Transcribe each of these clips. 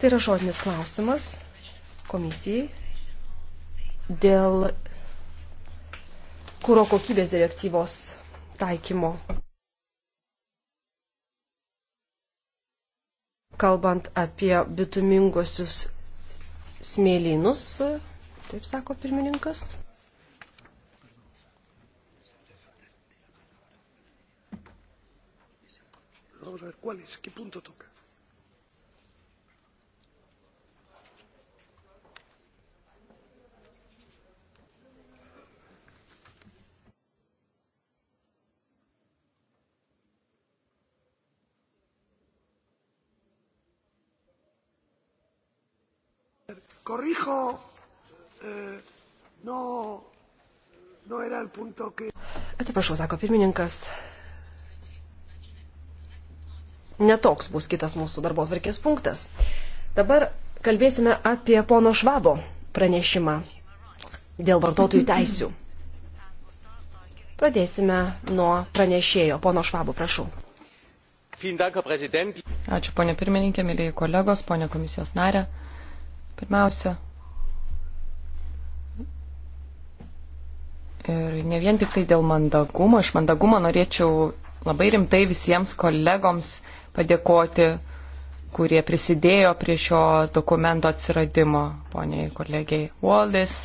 Tai yra žodinis klausimas komisijai dėl kūro kokybės direktyvos taikymo. Kalbant apie bitumingosius smėlynus, taip sako pirmininkas. Vamos a ver cuál es, qué punto toca. corrijo, eh, no, no era el punto que. Atsiprašau, sako pirmininkas. Netoks bus kitas mūsų darbo atvarkės punktas. Dabar kalbėsime apie pono Švabo pranešimą dėl vartotojų teisių. Pradėsime nuo pranešėjo. Pono Švabo, prašau. Ačiū, ponė pirmininkė, mėlyje kolegos, ponė komisijos narė. Pirmiausia, ir ne vien tik tai dėl mandagumo, iš mandagumo norėčiau labai rimtai visiems kolegoms padėkoti, kurie prisidėjo prie šio dokumento atsiradimo, poniai kolegiai Wallis,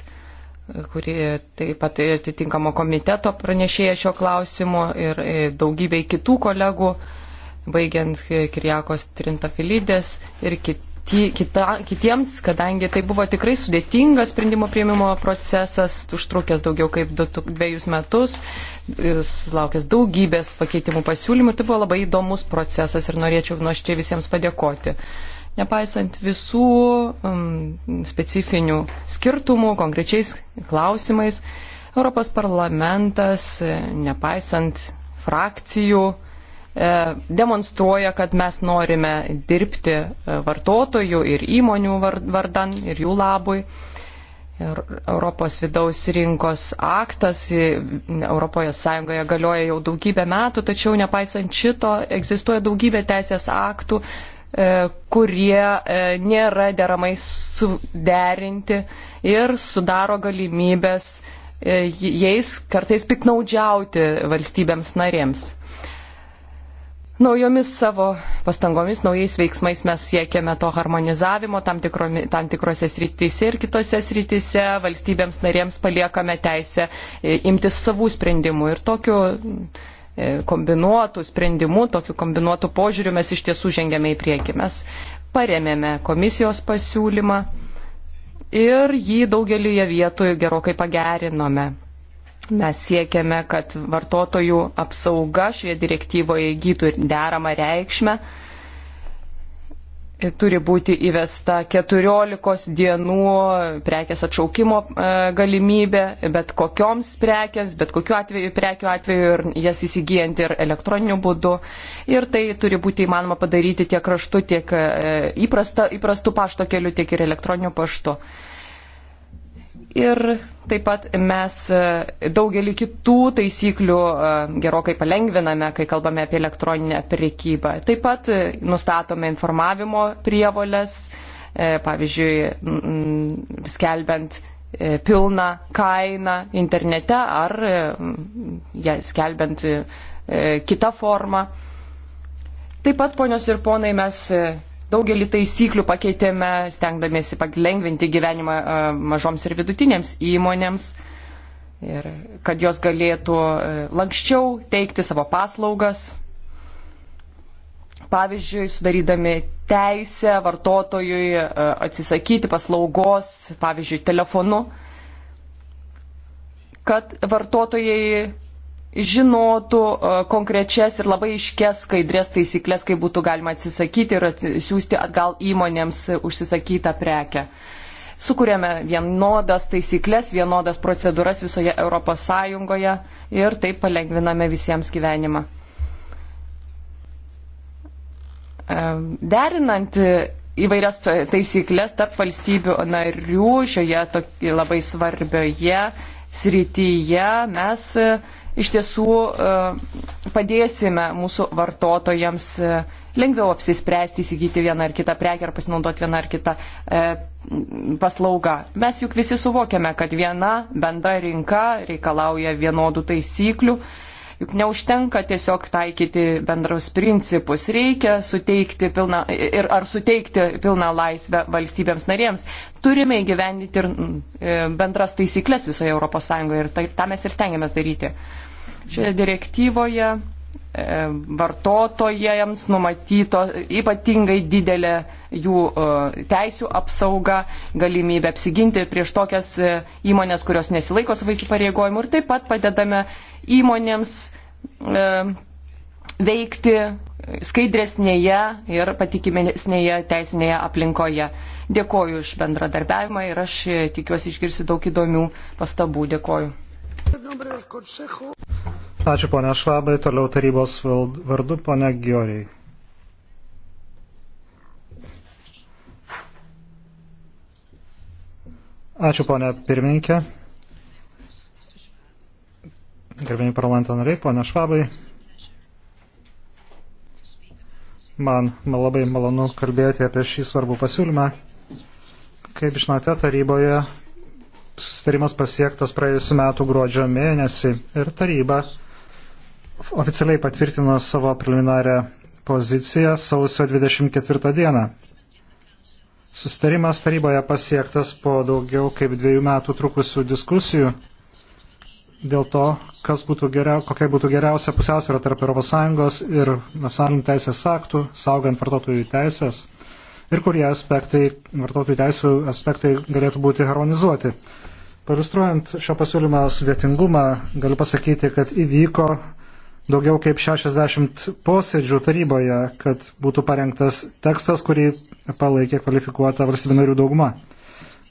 kuri taip pat atitinkamo komiteto pranešėja šio klausimu ir e, daugybei kitų kolegų, baigiant Kirjakos Trintafilidės ir kit, kiti, kita, kitiems, kadangi tai buvo tikrai sudėtingas sprendimo prieimimo procesas, užtrukęs daugiau kaip du, dviejus metus, sulaukęs daugybės pakeitimų pasiūlymų ir tai buvo labai įdomus procesas ir norėčiau nuoširdžiai visiems padėkoti. Nepaisant visų um, specifinių skirtumų, konkrečiais klausimais, Europos parlamentas, nepaisant frakcijų, uh, E, demonstruoja, kad mes norime dirbti e, vartotojų ir įmonių vardan ir jų labui. Ir Europos vidaus rinkos aktas ES galioja jau daugybę metų, tačiau nepaisant šito egzistuoja daugybė teisės aktų, e, kurie nėra deramai suderinti ir sudaro galimybės jais kartais piknaudžiauti valstybėms narėms. Naujomis savo pastangomis, naujais veiksmais mes siekiame to harmonizavimo tam, tikromi, tam tikrose srityse ir kitose srityse valstybėms narėms paliekame teisę e, imtis savų sprendimų. Ir tokiu e, kombinuotų sprendimų, tokiu kombinuotų požiūriu mes iš tiesų žengėme į priekį. Mes paremėme komisijos pasiūlymą ir jį daugelį vietų gerokai pagerinome. Mes siekiame, kad vartotojų apsauga šioje direktyvoje įgytų ir deramą reikšmę. Turi būti įvesta 14 dienų prekės atšaukimo e, galimybė, bet kokioms prekės, bet kokiu atveju, prekiu atveju ir jas įsigijant ir elektroniniu būdu. Ir tai turi būti įmanoma padaryti tiek raštu, tiek e, įprasta, įprastu pašto keliu, tiek ir elektroniniu paštu. Ir taip pat mes e, daugelį kitų taisyklių e, gerokai palengviname, kai kalbame apie elektroninę prekybą. Taip pat e, nustatome informavimo prievolės, pavyzdžiui, skelbiant pilną kainą internete ar ja, skelbiant kitą formą. Taip pat, ponios ir ponai, mes Daugelį taisyklių pakeitėme, stengdamėsi palengvinti gyvenimą e, mažoms ir vidutinėms įmonėms, ir kad jos galėtų e, lankščiau teikti savo paslaugas. Pavyzdžiui, sudarydami teisę vartotojui e, atsisakyti paslaugos, pavyzdžiui, telefonu, kad vartotojai žinotų e, konkrečias ir labai iškes skaidrės taisyklės, kaip būtų galima atsisakyti ir siūsti atgal įmonėms užsisakytą prekę. Sukūrėme vienodas taisyklės, vienodas procedūras visoje ES ir taip palengviname visiems gyvenimą. E, derinant įvairias taisyklės tarp valstybių narių šioje labai svarbioje srityje mes iš tiesų e, padėsime mūsų vartotojams e, lengviau apsispręsti įsigyti vieną ar kitą prekę ar pasinaudoti vieną ar kitą e, paslaugą. Mes juk visi suvokiame, kad viena bendra rinka reikalauja vienodų taisyklių. Juk neužtenka tiesiog taikyti bendrus principus, reikia suteikti pilną ir ar suteikti pilną laisvę valstybėms narėms. Turime įgyvendyti ir mm, e, bendras taisyklės visoje ES ir tai, tą mes ir stengiamės daryti. Šioje direktyvoje e, vartotojams numatyto ypatingai didelė jų e, teisų apsauga, galimybė apsiginti prieš tokias e, įmonės, kurios nesilaiko savo įsipareigojimų ir taip pat padedame įmonėms veikti skaidresnėje ir patikimesnėje teisinėje aplinkoje. Dėkoju už bendradarbiavimą ir aš tikiuosi išgirsi daug įdomių pastabų. Dėkoju. Ačiū ponia Švabai, toliau tarybos vardu ponia Gioriai. Ačiū ponia pirmininkė. Gerbėjai parlamento nariai, ponia Švabai. Man labai malonu kalbėti apie šį svarbų pasiūlymą. Kaip žinote, taryboje sustarimas pasiektas praėjusiu metu gruodžio mėnesį ir taryba oficialiai patvirtino savo preliminarę poziciją sausio 24 dieną. Sustarimas taryboje pasiektas po daugiau kaip dviejų metų trukusių diskusijų dėl to, kas būtų geriau, kokia būtų geriausia pusiausvėra tarp ES ir nacionalinių teisės aktų, saugant vartotojų teisės ir kurie aspektai, vartotojų teisų aspektai galėtų būti harmonizuoti. Palistruojant šio pasiūlymo sudėtingumą, galiu pasakyti, kad įvyko daugiau kaip 60 posėdžių taryboje, kad būtų parengtas tekstas, kurį palaikė kvalifikuota valstybių narių dauguma.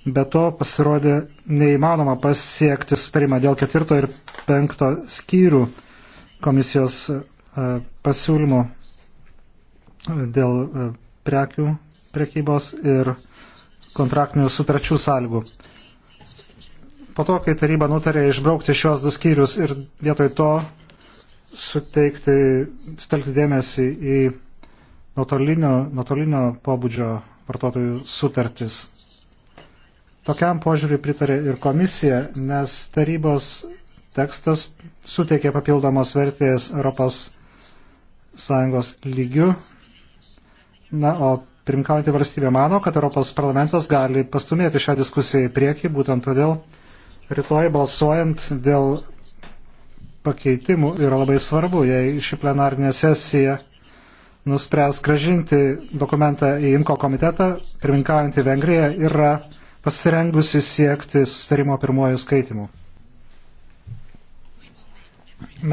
Be to pasirodė neįmanoma pasiekti sutarimą dėl ketvirto ir penkto skyrių komisijos e, pasiūlymų dėl e, prekių prekybos ir kontraktinių sutarčių sąlygų. Po to, kai taryba nutarė išbraukti šios du skyrius ir vietoj to suteikti, sutelkti dėmesį į nuotolinio, nuotolinio pobūdžio vartotojų sutartis. Tokiam požiūriui pritarė ir komisija, nes tarybos tekstas suteikė papildomos vertės Europos Sąjungos lygių, na, o Pirmkaujantį valstybę mano, kad Europos parlamentas gali pastumėti šią diskusiją į priekį, būtent todėl rytoj balsuojant dėl pakeitimų yra labai svarbu, jei ši plenarinė sesija nuspręs gražinti dokumentą į Inko komitetą, pirminkaujantį Vengriją yra pasirengusi siekti sustarimo pirmojų skaitimų.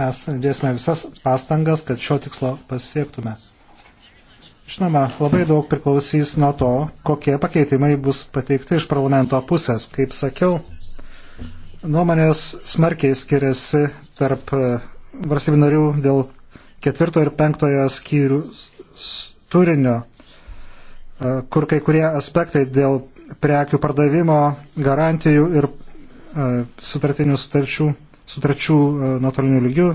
Mes dėsime visas pastangas, kad šio tikslo pasiektume. Žinoma, labai daug priklausys nuo to, kokie pakeitimai bus pateikti iš parlamento pusės. Kaip sakiau, nuomonės smarkiai skiriasi tarp e, varsybių narių dėl ketvirto ir penktojo skyrių turinio, e, kur kai kurie aspektai dėl prekių pardavimo, garantijų ir e, sutartinių sutarčių, sutarčių nuotolinių lygių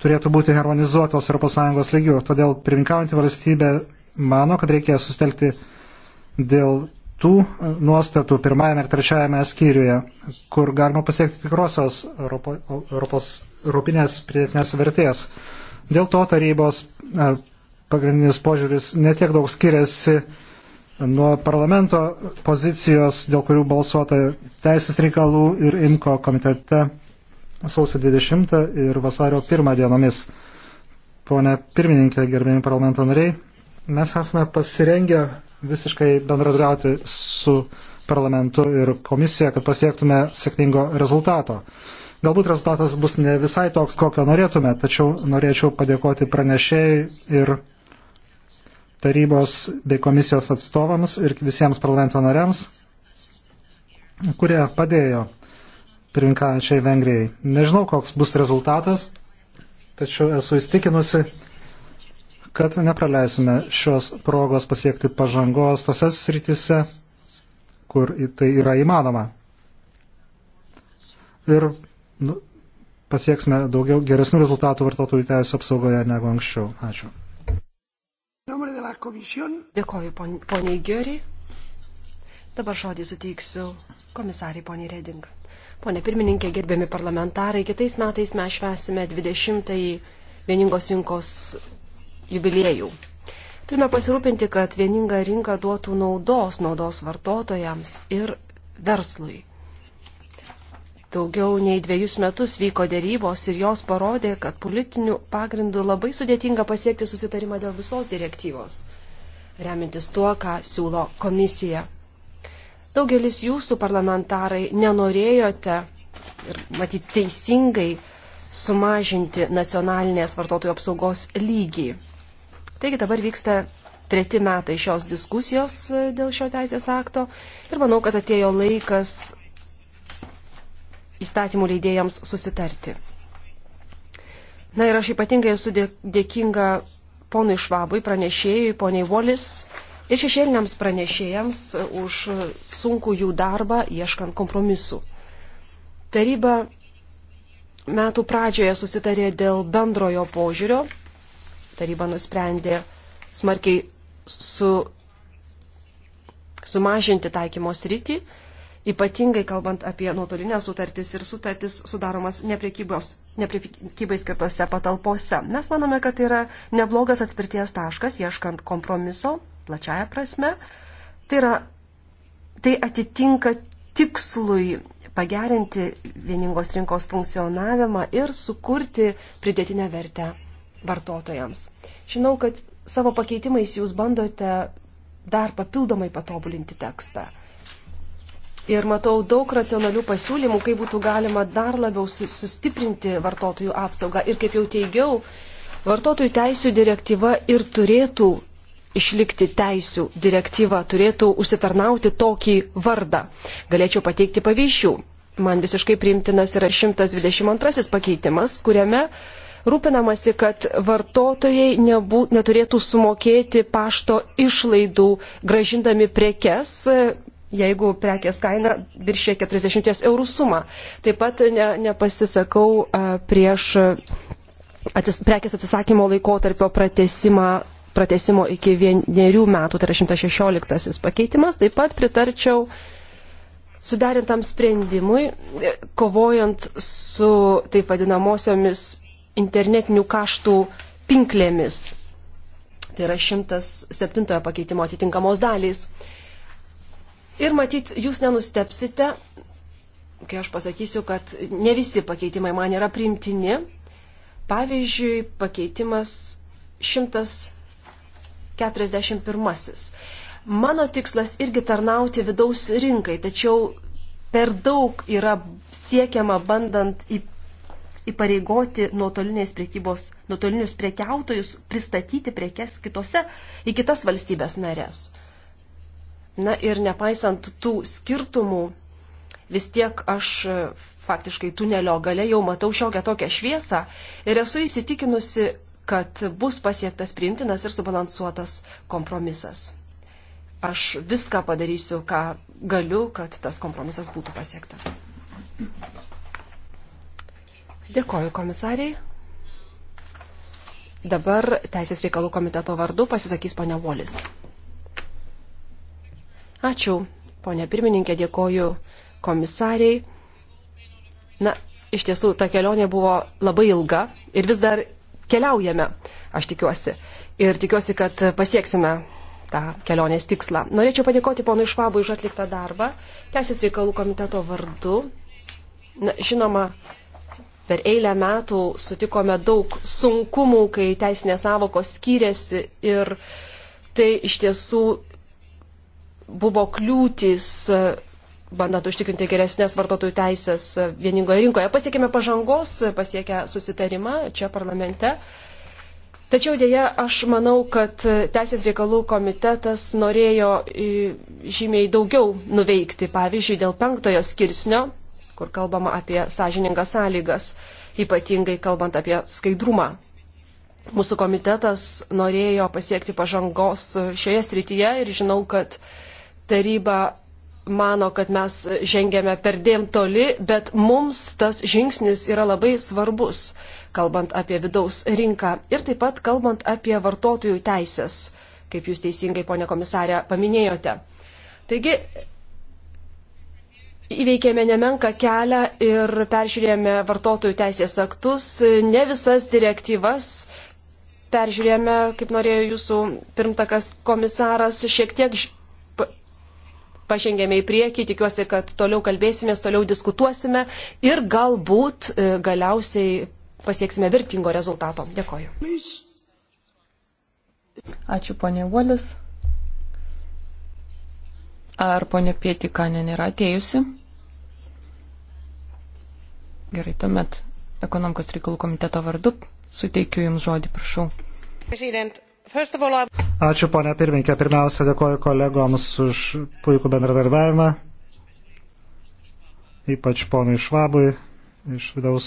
turėtų būti harmonizuotos ES lygių. Todėl pirminkaujantį valstybę mano, kad reikia sustelkti dėl tų nuostatų pirmajame ir trečiajame skyriuje, kur galima pasiekti tikrosios Europo, Europos europinės pridėtinės vertės. Dėl to tarybos e, pagrindinis požiūris netiek daug skiriasi nuo parlamento pozicijos, dėl kurių balsuota teisės reikalų ir IMKO komitete sausio 20 ir vasario 1 dienomis. Pone pirmininkė, gerbėjami parlamento nariai, mes esame pasirengę visiškai bendradarbiauti su parlamentu ir komisija, kad pasiektume sėkmingo rezultato. Galbūt rezultatas bus ne visai toks, kokio norėtume, tačiau norėčiau padėkoti pranešėjai ir tarybos bei komisijos atstovams ir visiems parlamento nariams, kurie padėjo pirminkaujančiai Vengrijai. Nežinau, koks bus rezultatas, tačiau esu įstikinusi, kad nepraleisime šios progos pasiekti pažangos tose srityse, kur tai yra įmanoma. Ir nu, pasieksime daugiau geresnių rezultatų vartotojų teisų apsaugoje negu anksčiau. Ačiū. Dėkoju poniai Giori. Dabar žodį suteiksiu komisariai poniai Reding. Pone pirmininkė, gerbiami parlamentarai, kitais metais mes švesime 20-ąjį vieningos rinkos jubiliejų. Turime pasirūpinti, kad vieninga rinka duotų naudos, naudos vartotojams ir verslui. Daugiau nei dviejus metus vyko dėrybos ir jos parodė, kad politinių pagrindų labai sudėtinga pasiekti susitarimą dėl visos direktyvos, remintis tuo, ką siūlo komisija. Daugelis jūsų parlamentarai nenorėjote ir matyti teisingai sumažinti nacionalinės vartotojų apsaugos lygį. Taigi dabar vyksta treti metai šios diskusijos e, dėl šio teisės akto ir manau, kad atėjo laikas įstatymų leidėjams susitarti. Na ir aš ypatingai esu dėkinga ponui Švabui, pranešėjui, poniai Volis ir šešėliniams pranešėjams už sunkų jų darbą ieškant kompromisų. Taryba metų pradžioje susitarė dėl bendrojo požiūrio. Taryba nusprendė smarkiai su, sumažinti taikymo sritį, ypatingai kalbant apie nuotolinės sutartys ir sutartys sudaromas nepriekybai skirtose patalpose. Mes manome, kad tai yra neblogas atspirties taškas, ieškant kompromiso plačiaja prasme. Tai, yra, tai atitinka tikslui pagerinti vieningos rinkos funkcionavimą ir sukurti pridėtinę vertę vartotojams. Žinau, kad savo pakeitimais jūs bandote dar papildomai patobulinti tekstą. Ir matau daug racionalių pasiūlymų, kaip būtų galima dar labiau sustiprinti vartotojų apsaugą. Ir kaip jau teigiau, vartotojų teisų direktyva ir turėtų išlikti teisų direktyva turėtų užsitarnauti tokį vardą. Galėčiau pateikti pavyzdžių. Man visiškai priimtinas yra 122 pakeitimas, kuriame rūpinamasi, kad vartotojai nebū, neturėtų sumokėti pašto išlaidų, gražindami prekes, jeigu prekės kaina viršė 40 eurų sumą. Taip pat ne, nepasisakau prieš atsis, prekės atsisakymo laikotarpio pratesimą pratesimo iki vienerių metų, tai yra 116 pakeitimas, taip pat pritarčiau suderintam sprendimui, kovojant su taip vadinamosiomis internetinių kaštų pinklėmis. Tai yra 107 pakeitimo atitinkamos dalys. Ir matyt, jūs nenustepsite, kai aš pasakysiu, kad ne visi pakeitimai man yra primtini. Pavyzdžiui, pakeitimas 100. 41. Mano tikslas irgi tarnauti vidaus rinkai, tačiau per daug yra siekiama bandant į, įpareigoti nuotolinės priekybos, nuotolinius prekiautojus pristatyti prekes kitose, į kitas valstybės narės. Na ir nepaisant tų skirtumų, vis tiek aš e, faktiškai tunelio gale jau matau šiokią tokią šviesą ir esu įsitikinusi, kad bus pasiektas priimtinas ir subalansuotas kompromisas. Aš viską padarysiu, ką galiu, kad tas kompromisas būtų pasiektas. Dėkoju komisariai. Dabar Teisės reikalų komiteto vardu pasisakys ponia Volis. Ačiū, ponia pirmininkė, dėkoju komisariai. Na, iš tiesų, ta kelionė buvo labai ilga ir vis dar keliaujame, aš tikiuosi. Ir tikiuosi, kad pasieksime tą kelionės tikslą. Norėčiau padėkoti ponui Švabui už atliktą darbą, Teisės reikalų komiteto vardu. Na, žinoma, per eilę metų sutikome daug sunkumų, kai teisinės savokos skyrėsi ir tai iš tiesų buvo kliūtis bandant užtikrinti geresnės vartotojų teisės vieningoje rinkoje. Pasiekėme pažangos, pasiekę susitarimą čia parlamente. Tačiau dėja, aš manau, kad Teisės reikalų komitetas norėjo e, žymiai daugiau nuveikti, pavyzdžiui, dėl penktojo skirsnio, kur kalbama apie sąžiningas sąlygas, ypatingai kalbant apie skaidrumą. Mūsų komitetas norėjo pasiekti pažangos šioje srityje ir žinau, kad taryba mano, kad mes žengėme per dėm toli, bet mums tas žingsnis yra labai svarbus, kalbant apie vidaus rinką ir taip pat kalbant apie vartotojų teisės, kaip jūs teisingai, ponė komisarė, paminėjote. Taigi, įveikėme nemenką kelią ir peržiūrėjome vartotojų teisės aktus, ne visas direktyvas, peržiūrėjome, kaip norėjo jūsų pirmtakas komisaras, šiek tiek pažengėme į priekį, tikiuosi, kad toliau kalbėsime, toliau diskutuosime ir galbūt e, galiausiai pasieksime vertingo rezultato. Dėkoju. Ačiū, ponė Volis. Ar ponė Pietikanė nėra atėjusi? Gerai, tuomet ekonomikos reikalų komiteto vardu suteikiu Jums žodį, prašau. President, Ačiū, ponia pirminkė. Pirmiausia, dėkoju kolegoms už puikų bendradarbiavimą, ypač ponui Švabui iš vidaus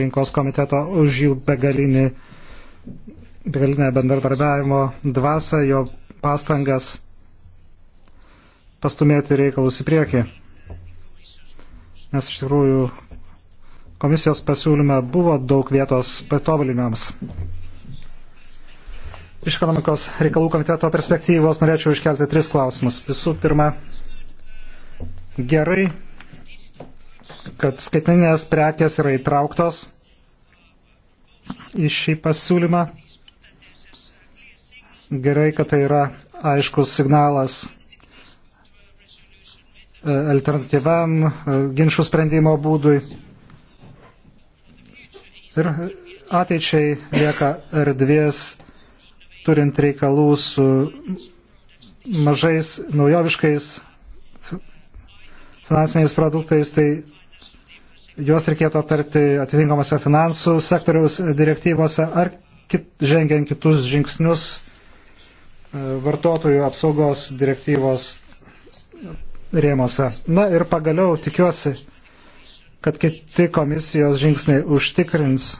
rinkos komiteto už jų begalinį, begalinę bendradarbiavimo dvasą, jo pastangas pastumėti reikalus į priekį. Nes iš tikrųjų komisijos pasiūlyme buvo daug vietos patobulinimams. Iš ekonomikos reikalų komiteto perspektyvos norėčiau iškelti tris klausimus. Visų pirma, gerai, kad skaitmeninės prekės yra įtrauktos į šį pasiūlymą. Gerai, kad tai yra aiškus signalas e, alternatyviam e, ginčių sprendimo būdui. Ir ateičiai lieka erdvės turint reikalų su mažais naujoviškais finansiniais produktais, tai juos reikėtų aptarti atitinkamose finansų sektoriaus direktyvose ar kit, žengiant kitus žingsnius e, vartotojų apsaugos direktyvos rėmose. Na ir pagaliau tikiuosi, kad kiti komisijos žingsniai užtikrins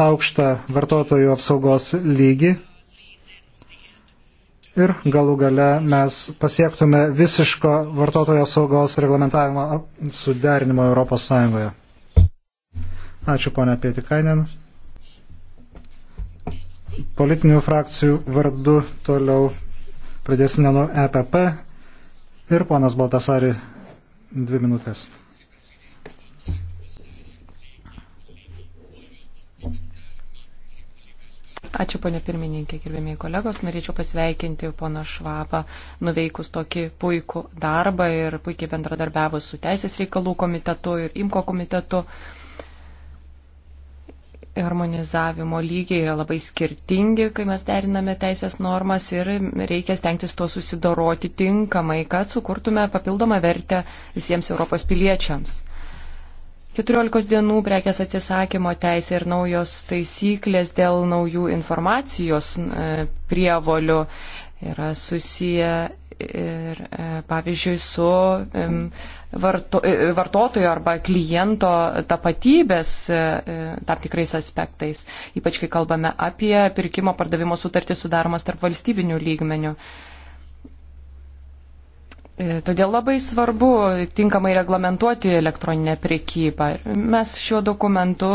aukštą vartotojų apsaugos lygį ir galų gale mes pasiektume visiško vartotojo apsaugos reglamentavimo suderinimo Europos Sąjungoje. Ačiū ponia Pietikainen. Politinių frakcijų vardu toliau pradėsime nuo EPP ir ponas Baltasari dvi minutės. Ačiū, ponė pirmininkė, gerbėmiai kolegos. Norėčiau pasveikinti pono Švabą, nuveikus tokį puikų darbą ir puikiai bendradarbiavus su Teisės reikalų komitetu ir IMKO komitetu. Harmonizavimo lygiai yra labai skirtingi, kai mes deriname teisės normas ir reikia stengtis tuo susidoroti tinkamai, kad sukurtume papildomą vertę visiems Europos piliečiams. 14 dienų prekės atsisakymo teisė ir naujos taisyklės dėl naujų informacijos e, prievolių yra susiję ir, e, pavyzdžiui, su varto, e, vartotojo arba kliento tapatybės tam tikrais aspektais, ypač kai kalbame apie pirkimo pardavimo sutartį sudaromas tarp valstybinių lygmenių. E, todėl labai svarbu tinkamai reglamentuoti elektroninę priekybą. Mes šiuo dokumentu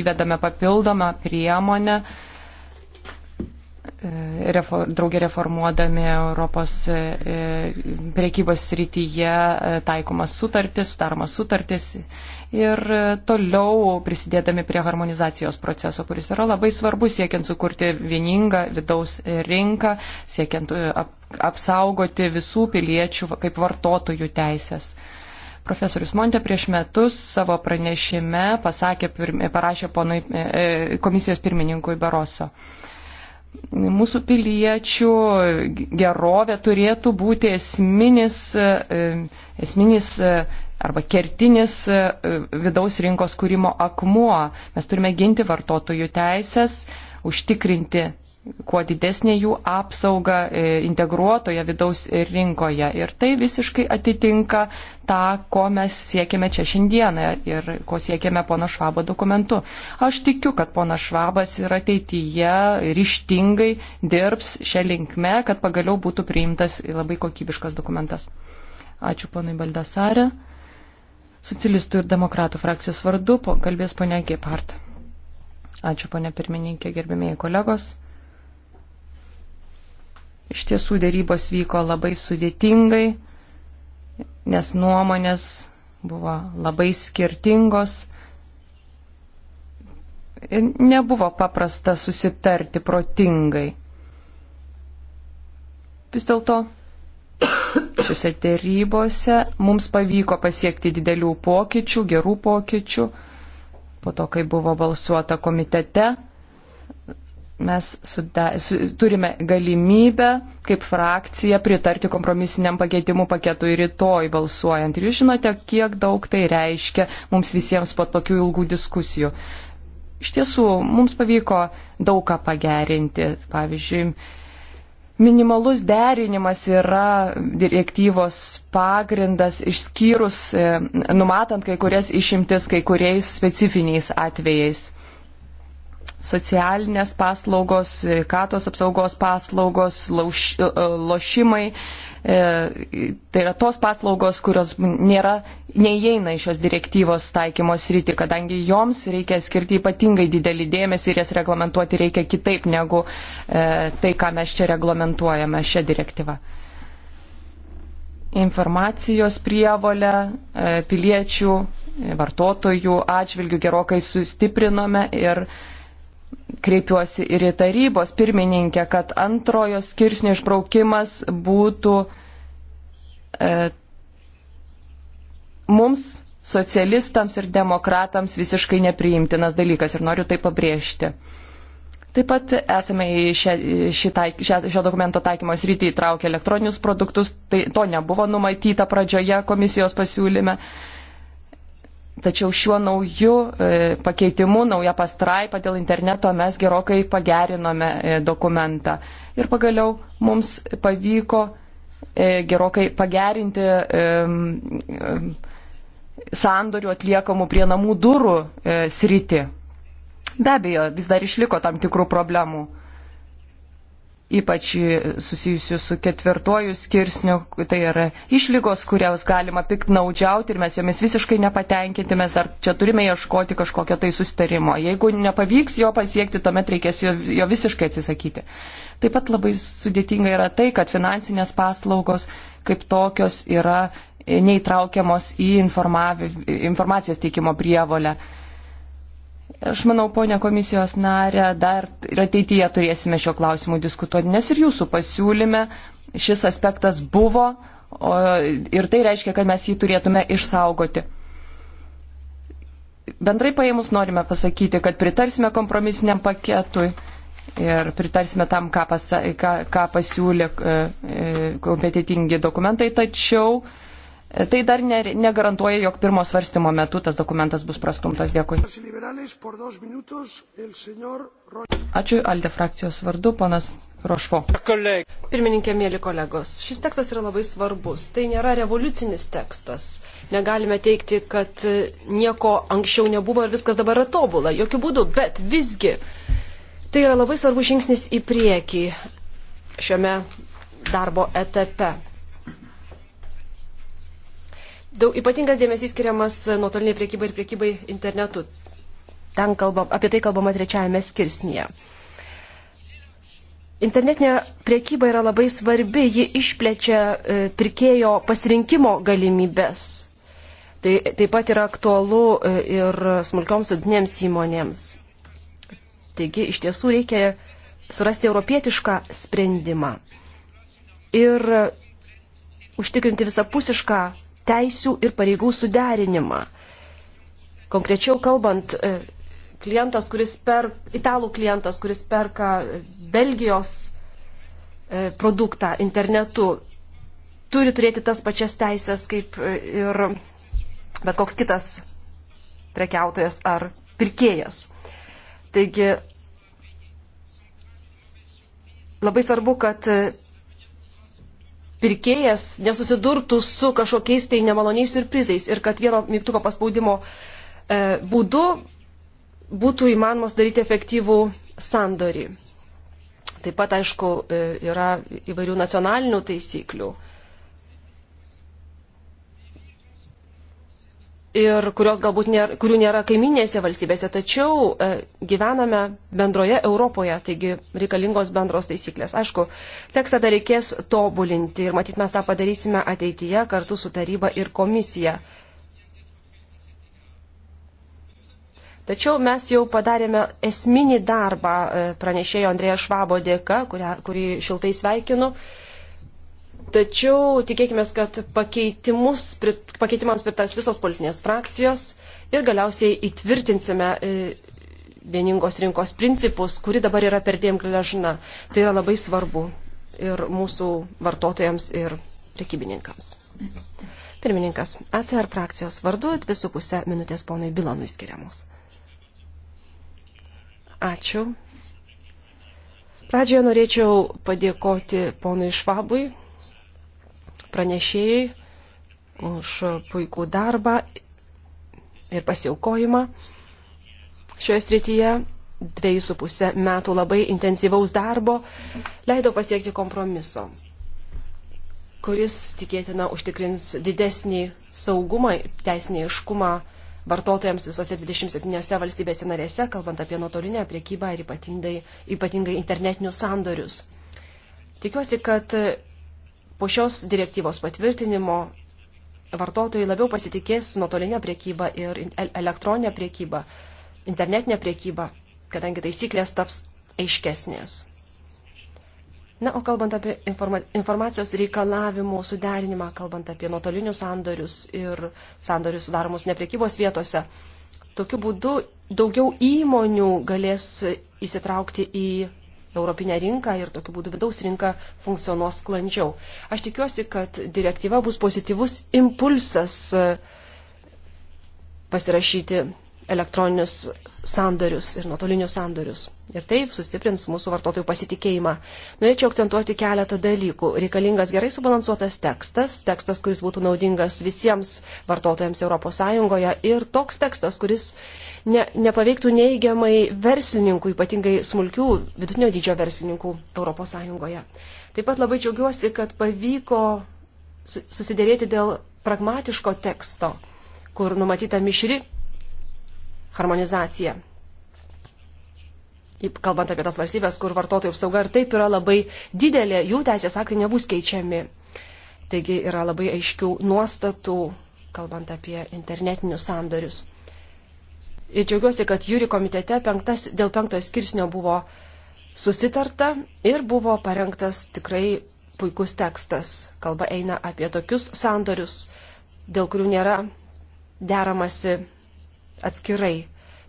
įvedame papildomą priemonę, e, refor, draugė reformuodami Europos e, priekybos srityje taikomas sutartis, sudaromas sutartis ir toliau prisidėdami prie harmonizacijos proceso, kuris yra labai svarbus siekiant sukurti vieningą vidaus rinką, siekiant e, apsaugoti visų piliečių kaip vartotojų teisės. Profesorius Monte prieš metus savo pranešime pasakė, e, parašė ponui, e, komisijos pirmininkui Baroso. Mūsų piliečių gerovė turėtų būti esminis, esminis arba kertinis e, vidaus rinkos kūrimo akmuo. Mes turime ginti vartotojų teisės, užtikrinti kuo didesnė jų apsauga e, integruotoje vidaus rinkoje. Ir tai visiškai atitinka tą, ko mes siekiame čia šiandieną ir ko siekiame pono Švabo dokumentu. Aš tikiu, kad ponas Švabas ir ateityje ryštingai dirbs šią linkmę, kad pagaliau būtų priimtas labai kokybiškas dokumentas. Ačiū ponui Baldasarė. Socialistų ir demokratų frakcijos vardu kalbės ponia Gephardt. Ačiū ponia pirmininkė, gerbimieji kolegos. Iš tiesų dėrybos vyko labai sudėtingai, nes nuomonės buvo labai skirtingos. Ir nebuvo paprasta susitarti protingai. Vis dėlto Šiuose dėrybose mums pavyko pasiekti didelių pokyčių, gerų pokyčių. Po to, kai buvo balsuota komitete, mes suda, su, turime galimybę kaip frakcija pritarti kompromisiniam pakeitimų paketui rytoj balsuojant. Ir jūs žinote, kiek daug tai reiškia mums visiems po tokių ilgų diskusijų iš tiesų mums pavyko daug ką pagerinti. Pavyzdžiui, minimalus derinimas yra direktyvos pagrindas, išskyrus, e, numatant kai kurias išimtis kai kuriais specifiniais atvejais socialinės paslaugos, katos apsaugos paslaugos, lauš, e, e, lošimai. E, tai yra tos paslaugos, kurios nėra, neįeina į šios direktyvos taikymos rytį, kadangi joms reikia skirti ypatingai didelį dėmesį ir jas reglamentuoti reikia kitaip negu tai, ką mes čia reglamentuojame šią direktyvą informacijos prievolę piliečių, vartotojų atžvilgių gerokai sustiprinome ir kreipiuosi ir į tarybos pirmininkę, kad antrojo skirsnio išbraukimas būtų e, mums, socialistams ir demokratams, visiškai nepriimtinas dalykas ir noriu tai pabrėžti. Taip pat esame į šią, šitą, šią, šio dokumento taikymo sritį įtraukę elektroninius produktus, tai to nebuvo numatyta pradžioje komisijos pasiūlyme. E, Tačiau šiuo nauju e, pakeitimu, nauja pastraipa dėl interneto mes gerokai pagerinome e, dokumentą. Ir pagaliau mums pavyko e, gerokai pagerinti sandorių atliekamų prie namų durų sritį. Be abejo, vis dar išliko tam tikrų problemų ypač susijusių su ketvirtuoju skirsniu, tai yra išlygos, kurios galima piktnaudžiauti ir mes jomis visiškai nepatenkinti, mes dar čia turime ieškoti kažkokio tai sustarimo. Jeigu nepavyks jo pasiekti, tuomet reikės jo, jo visiškai atsisakyti. Taip pat labai sudėtinga yra tai, kad finansinės paslaugos kaip tokios yra neįtraukiamos į informacijos teikimo prievolę. Aš manau, ponia komisijos narė, dar ir ateityje turėsime šio klausimu diskutuoti, nes ir jūsų pasiūlyme šis aspektas buvo o, ir tai reiškia, kad mes jį turėtume išsaugoti. Bendrai paėmus norime pasakyti, kad pritarsime kompromisiniam paketui ir pritarsime tam, ką, pasa, ką, ką pasiūlė e, e kompetitingi dokumentai, tačiau e, Tai dar ne, negarantuoja, jog pirmo svarstymo metu tas dokumentas bus prastumtas. Dėkui. Ačiū Alde frakcijos vardu, ponas Rošvo. Pirmininkė, mėly kolegos, šis tekstas yra labai svarbus. Tai nėra revoliucinis tekstas. Negalime teikti, kad nieko anksčiau nebuvo ir viskas dabar yra tobula. Jokių būdų, bet visgi. Tai yra labai svarbus žingsnis į priekį šiame darbo etape daug, ypatingas dėmesys skiriamas nuotoliniai priekybai ir priekybai internetu. Ten kalba, apie tai kalbama trečiajame skirsnyje. Internetinė priekyba yra labai svarbi, ji išplečia e, pirkėjo pasirinkimo galimybės. Tai taip pat yra aktualu e, ir smulkioms sudinėms įmonėms. Taigi iš tiesų reikia surasti europietišką sprendimą ir užtikrinti visapusišką teisių ir pareigų suderinimą. Konkrečiau kalbant, e, klientas, kuris per, italų klientas, kuris perka Belgijos e, produktą internetu, turi turėti tas pačias teisės kaip e, ir bet koks kitas prekiautojas ar pirkėjas. Taigi labai svarbu, kad pirkėjas nesusidurtų su kažkokiais tai nemaloniais surprizais ir kad vieno mygtuko paspaudimo e, būdu būtų įmanoma sudaryti efektyvų sandorį. Taip pat, aišku, e, yra įvairių nacionalinių taisyklių. ir kurios galbūt nėra, kurių nėra kaiminėse valstybėse, tačiau e, gyvename bendroje Europoje, taigi reikalingos bendros taisyklės. Aišku, tekstą dar reikės tobulinti ir matyt mes tą padarysime ateityje kartu su taryba ir komisija. Tačiau mes jau padarėme esminį darbą e, pranešėjo Andrėja Švabo dėka, kurią, kurį šiltai sveikinu. Uh, Tačiau tikėkime, kad pakeitimams pritars visos politinės frakcijos ir galiausiai įtvirtinsime e, vieningos rinkos principus, kuri dabar yra perdėm gležna. Tai yra labai svarbu ir mūsų vartotojams, ir prekybininkams. Pirmininkas, ACR frakcijos vardu 2,5 minutės ponui Bilonui skiriamos. Ačiū. Pradžioje norėčiau padėkoti ponui Švabui pranešėjai už puikų darbą ir pasiaukojimą. Šioje srityje dviejų su pusę metų labai intensyvaus darbo leido pasiekti kompromiso, kuris tikėtina užtikrins didesnį saugumą, teisinį iškumą vartotojams visose 27 valstybėse narėse, kalbant apie nuotolinę priekybą ir ypatingai, ypatingai internetinius sandorius. Tikiuosi, kad Po šios direktyvos patvirtinimo vartotojai labiau pasitikės nuotolinę priekybą ir elektroninę priekybą, internetinę priekybą, kadangi taisyklės taps aiškesnės. Na, o kalbant apie informa informacijos reikalavimų suderinimą, kalbant apie nuotolinius sandorius ir sandorius sudaromus nepriekybos vietose, tokiu būdu daugiau įmonių galės įsitraukti į europinę rinką ir tokiu būdu vidaus rinka funkcionuos sklandžiau. Aš tikiuosi, kad direktyva bus pozityvus impulsas e, pasirašyti elektroninius sandorius ir nuotolinius sandorius. Ir taip sustiprins mūsų vartotojų pasitikėjimą. Norėčiau akcentuoti keletą dalykų. Reikalingas gerai subalansuotas tekstas, tekstas, kuris būtų naudingas visiems vartotojams ES ir toks tekstas, kuris ne, nepaveiktų neigiamai verslininkų, ypatingai smulkių vidutinio dydžio verslininkų ES. Taip pat labai džiaugiuosi, kad pavyko susidėrėti dėl pragmatiško teksto, kur numatyta mišri harmonizacija. Kalbant apie tas valstybės, kur vartotojų apsauga ir taip yra labai didelė, jų teisės aktai nebus keičiami. Taigi yra labai aiškių nuostatų, kalbant apie internetinius sandorius. Ir džiaugiuosi, kad jūri komitete penktas, dėl penktojo skirsnio buvo susitarta ir buvo parengtas tikrai puikus tekstas. Kalba eina apie tokius sandorius, dėl kurių nėra deramasi atskirai.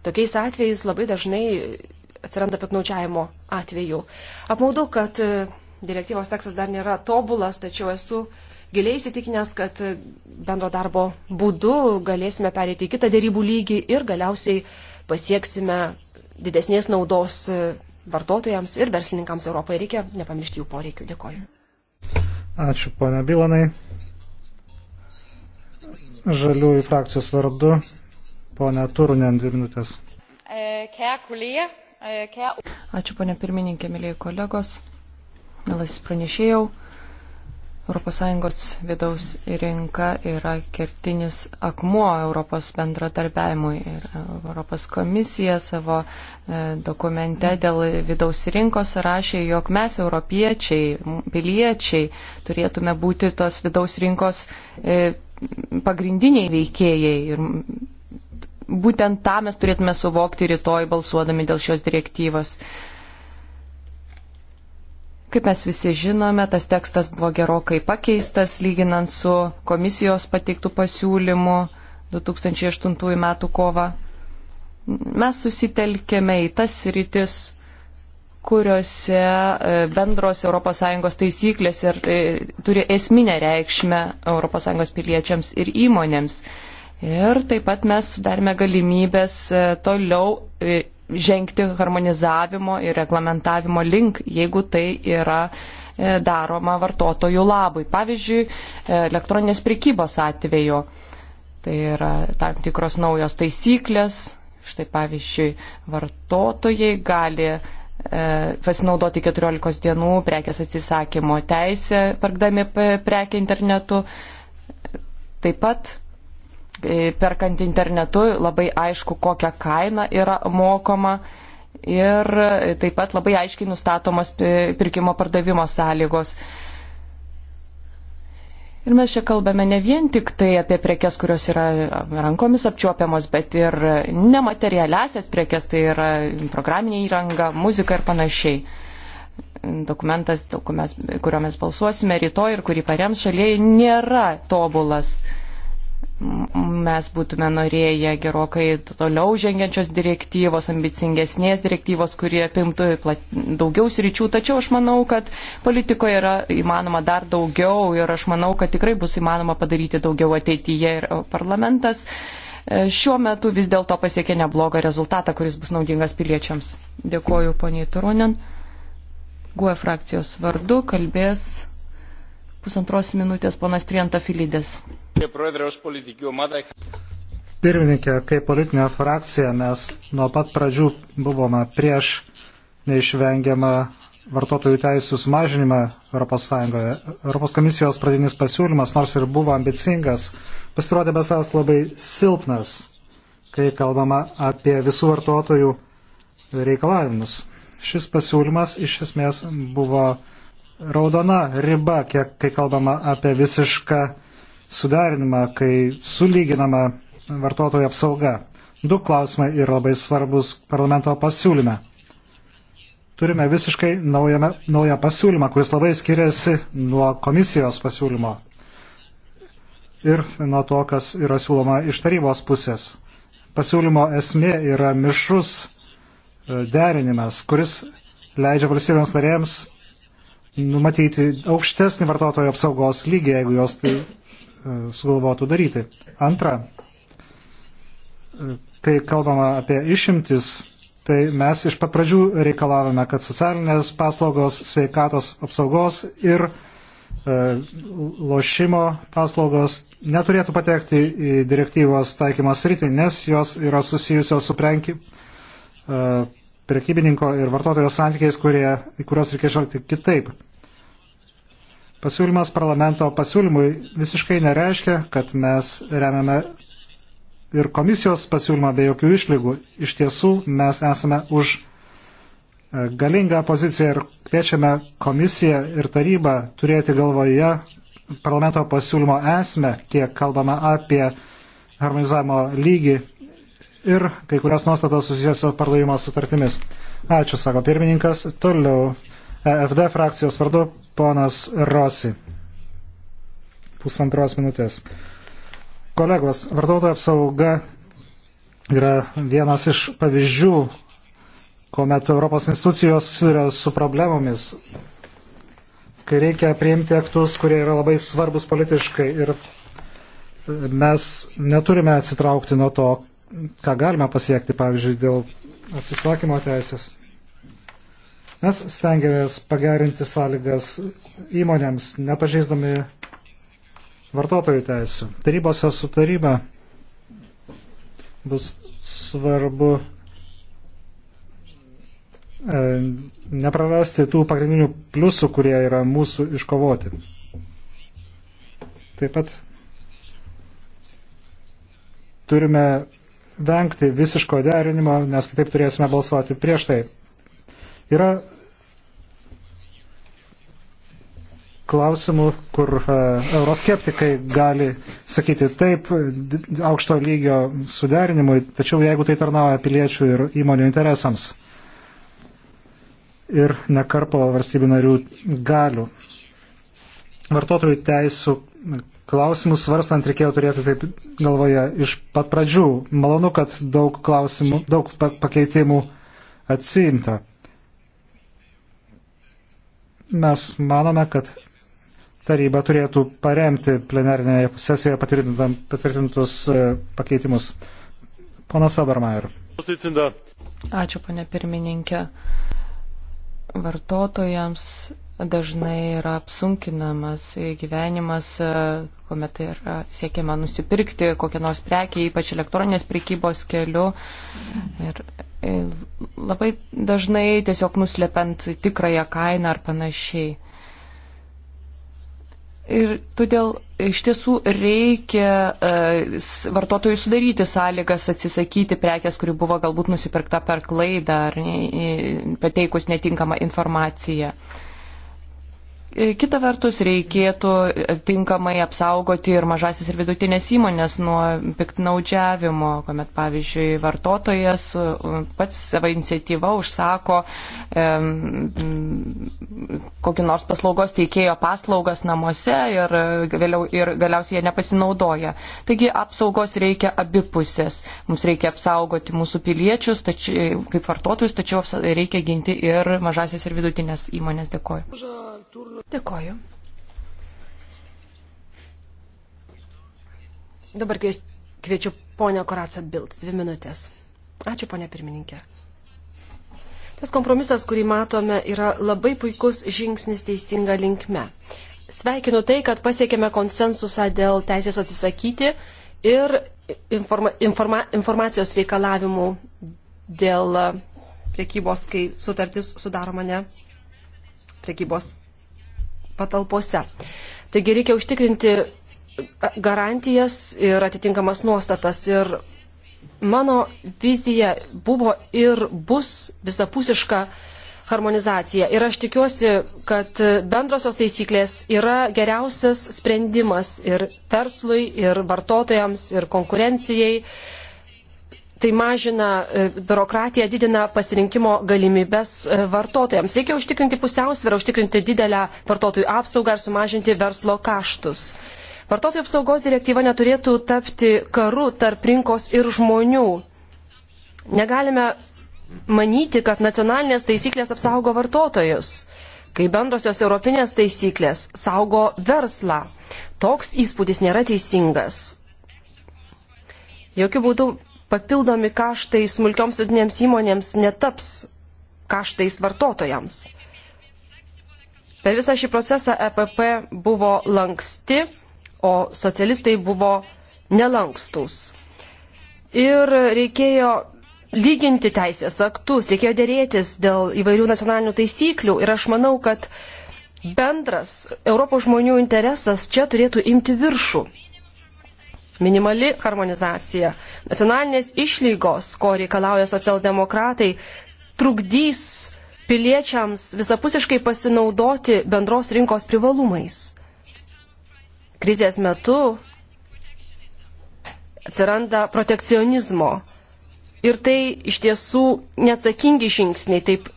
Tokiais atvejais labai dažnai atsiranda piknaudžiavimo atvejų. Apmaudu, kad e, direktyvos tekstas dar nėra tobulas, tačiau esu giliai įsitikinęs, kad bendro darbo būdu galėsime perėti į kitą dėrybų lygį ir galiausiai pasieksime didesnės naudos vartotojams ir verslininkams Europoje. Reikia nepamiršti jų poreikių. Dėkoju. Ačiū, ponia Bilanai. Žaliųjų frakcijos vardu, ponia Turunen, dvi minutės. Ačiū, ponia pirmininkė, mėlyje kolegos, mielasis pranešėjau. ES vidaus rinka yra kertinis akmuo Europos bendradarbiavimui ir Europos komisija savo e, dokumente dėl vidaus rinkos rašė, jog mes, europiečiai, piliečiai, turėtume būti tos vidaus rinkos e, pagrindiniai veikėjai. Ir būtent tą mes turėtume suvokti rytoj balsuodami dėl šios direktyvos. Kaip mes visi žinome, tas tekstas buvo gerokai pakeistas lyginant su komisijos pateiktų pasiūlymų 2008 m. kovą. Mes susitelkėme į tas rytis, kuriuose e, bendros ES taisyklės ir e, turi esminę reikšmę ES piliečiams ir įmonėms. Ir taip pat mes sudarėme galimybės e, toliau žengti harmonizavimo ir reglamentavimo link, jeigu tai yra e, daroma vartotojų labui. Pavyzdžiui, e, elektroninės prekybos atveju. Tai yra tam tikros naujos taisyklės. Štai pavyzdžiui, vartotojai gali e, pasinaudoti 14 dienų prekės atsisakymo teisę, parkdami prekę internetu. Taip pat E, perkant internetu labai aišku, kokia kaina yra mokama ir e, taip pat labai aiškiai nustatomos pirkimo pardavimo sąlygos. Ir mes čia kalbame ne vien tik tai apie prekes, kurios yra rankomis apčiuopiamos, bet ir nematerialiasias prekes, tai yra programinė įranga, muzika ir panašiai. Dokumentas, dokumentas, kurio mes balsuosime rytoj ir kurį parems šaliai, nėra tobulas mes būtume norėję gerokai toliau žengiančios direktyvos, ambicingesnės direktyvos, kurie apimtų daugiau sričių. Tačiau aš manau, kad politikoje yra įmanoma dar daugiau ir aš manau, kad tikrai bus įmanoma padaryti daugiau ateityje ir parlamentas e, šiuo metu vis dėlto pasiekė neblogą rezultatą, kuris bus naudingas piliečiams. Dėkuoju poniai Turonin. GUE frakcijos vardu kalbės pusantros minutės ponas Trienta Filidės. Pirmininkė, kaip politinė frakcija mes nuo pat pradžių buvome prieš neišvengiamą vartotojų teisų sumažinimą ES. Europos komisijos pradinis pasiūlymas, nors ir buvo ambicingas, pasirodė besas labai silpnas, kai kalbama apie visų vartotojų reikalavimus. Šis pasiūlymas iš esmės buvo raudona riba, kiek kai kalbama apie visišką suderinimą, kai sulyginama vartotojų apsauga. Du klausimai yra labai svarbus parlamento pasiūlyme. Turime visiškai naujame, naują pasiūlymą, kuris labai skiriasi nuo komisijos pasiūlymo ir nuo to, kas yra siūloma iš tarybos pusės. Pasiūlymo esmė yra mišrus e, derinimas, kuris leidžia valstybėms narėms numatyti aukštesnį vartotojų apsaugos lygį, jeigu jos tai E, sugalvotų daryti. Antra, e, kai kalbama apie išimtis, tai mes iš pat pradžių reikalavome, kad socialinės paslaugos, sveikatos apsaugos ir e, lošimo paslaugos neturėtų patekti į direktyvos taikymos rytį, nes jos yra susijusios su prenki, prekybininko ir vartotojo santykiais, kurie, kurios reikia žvelgti kitaip. Pasiūlymas parlamento pasiūlymui visiškai nereiškia, kad mes remiame ir komisijos pasiūlymą be jokių išlygų. Iš tiesų mes esame už e, galingą poziciją ir kviečiame komisiją ir tarybą turėti galvoje parlamento pasiūlymo esmę, kiek kalbama apie harmonizavimo lygį ir kai kurias nuostatas susijusios pardavimo sutartimis. Ačiū, sako pirmininkas. Toliau EFD frakcijos vardu ponas Rosi. Pusantros minutės. Kolegos, vartotojų apsauga yra vienas iš pavyzdžių, kuomet Europos institucijos susiduria su problemomis, kai reikia priimti aktus, kurie yra labai svarbus politiškai ir mes neturime atsitraukti nuo to, ką galime pasiekti, pavyzdžiui, dėl atsisakymo teisės. Mes stengiamės pagerinti sąlygas įmonėms, nepažeisdami vartotojų teisų. Tarybose su taryba bus svarbu e, neprarasti tų pagrindinių pliusų, kurie yra mūsų iškovoti. Taip pat turime vengti visiško derinimo, nes kitaip turėsime balsuoti prieš tai. Yra klausimų, kur e, euroskeptikai gali sakyti taip aukšto lygio suderinimui, tačiau jeigu tai tarnauja piliečių ir įmonių interesams ir nekarpo valstybių narių galių. Vartotojų teisų klausimus svarstant reikėjo turėti taip galvoje iš pat pradžių. Malonu, kad daug klausimų, daug pakeitimų atsiimta mes manome, kad taryba turėtų paremti plenarinėje sesijoje patvirtintus e, pakeitimus. Ponas Sabarmajer. Ačiū, ponė pirmininkė. Vartotojams dažnai yra apsunkinamas gyvenimas, e, kuomet yra siekiama nusipirkti kokią nors prekį, ypač elektroninės prekybos keliu. Ir E, labai dažnai tiesiog nuslepiant tikrąją kainą ar panašiai. Ir todėl iš tiesų reikia uh, vartotojui sudaryti sąlygas atsisakyti prekės, kuri buvo galbūt nusipirkta per klaidą ar pateikus netinkamą informaciją. Uh, E, kita vertus, reikėtų tinkamai apsaugoti ir mažasis ir vidutinės įmonės nuo piktnaudžiavimo, kuomet, pavyzdžiui, vartotojas e, pats savo iniciatyvą užsako e, kokį nors paslaugos teikėjo paslaugas namuose ir, e, vėliau, ir galiausiai jie nepasinaudoja. Taigi apsaugos reikia abipusės. Mums reikia apsaugoti mūsų piliečius tači, kaip vartotojus, tačiau reikia ginti ir mažasis ir vidutinės įmonės. Dėkuoju. Dėkoju. Dabar kviečiu ponę Koracą Bilt, dvi minutės. Ačiū, ponė pirmininkė. Tas kompromisas, kurį matome, yra labai puikus žingsnis teisinga linkme. Sveikinu tai, kad pasiekėme konsensusą dėl teisės atsisakyti ir informa, informa, informacijos reikalavimų dėl priekybos, kai sutartis sudaroma ne priekybos patalpose. Taigi reikia užtikrinti garantijas ir atitinkamas nuostatas. Ir mano vizija buvo ir bus visapusiška harmonizacija. Ir aš tikiuosi, kad bendrosios taisyklės yra geriausias sprendimas ir verslui, ir vartotojams, ir konkurencijai, tai mažina e, biurokratiją, didina pasirinkimo galimybės e, vartotojams. Reikia užtikrinti pusiausvyrą, užtikrinti didelę vartotojų apsaugą ir sumažinti verslo kaštus. Vartotojų apsaugos direktyva neturėtų tapti karu tarp rinkos ir žmonių. Negalime manyti, kad nacionalinės taisyklės apsaugo vartotojus, kai bendrosios europinės taisyklės saugo verslą. Toks įspūdis nėra teisingas. Jokių būdų papildomi kaštai smulkioms vidinėms įmonėms netaps kaštais vartotojams. Per visą šį procesą EPP buvo lanksti, o socialistai buvo nelankstus. Ir reikėjo lyginti teisės aktus, reikėjo dėrėtis dėl įvairių nacionalinių taisyklių ir aš manau, kad bendras Europos žmonių interesas čia turėtų imti viršų minimali harmonizacija. Nacionalinės išlygos, ko reikalauja socialdemokratai, trukdys piliečiams visapusiškai pasinaudoti bendros rinkos privalumais. Krizės metu atsiranda protekcionizmo ir tai iš tiesų neatsakingi žingsniai, taip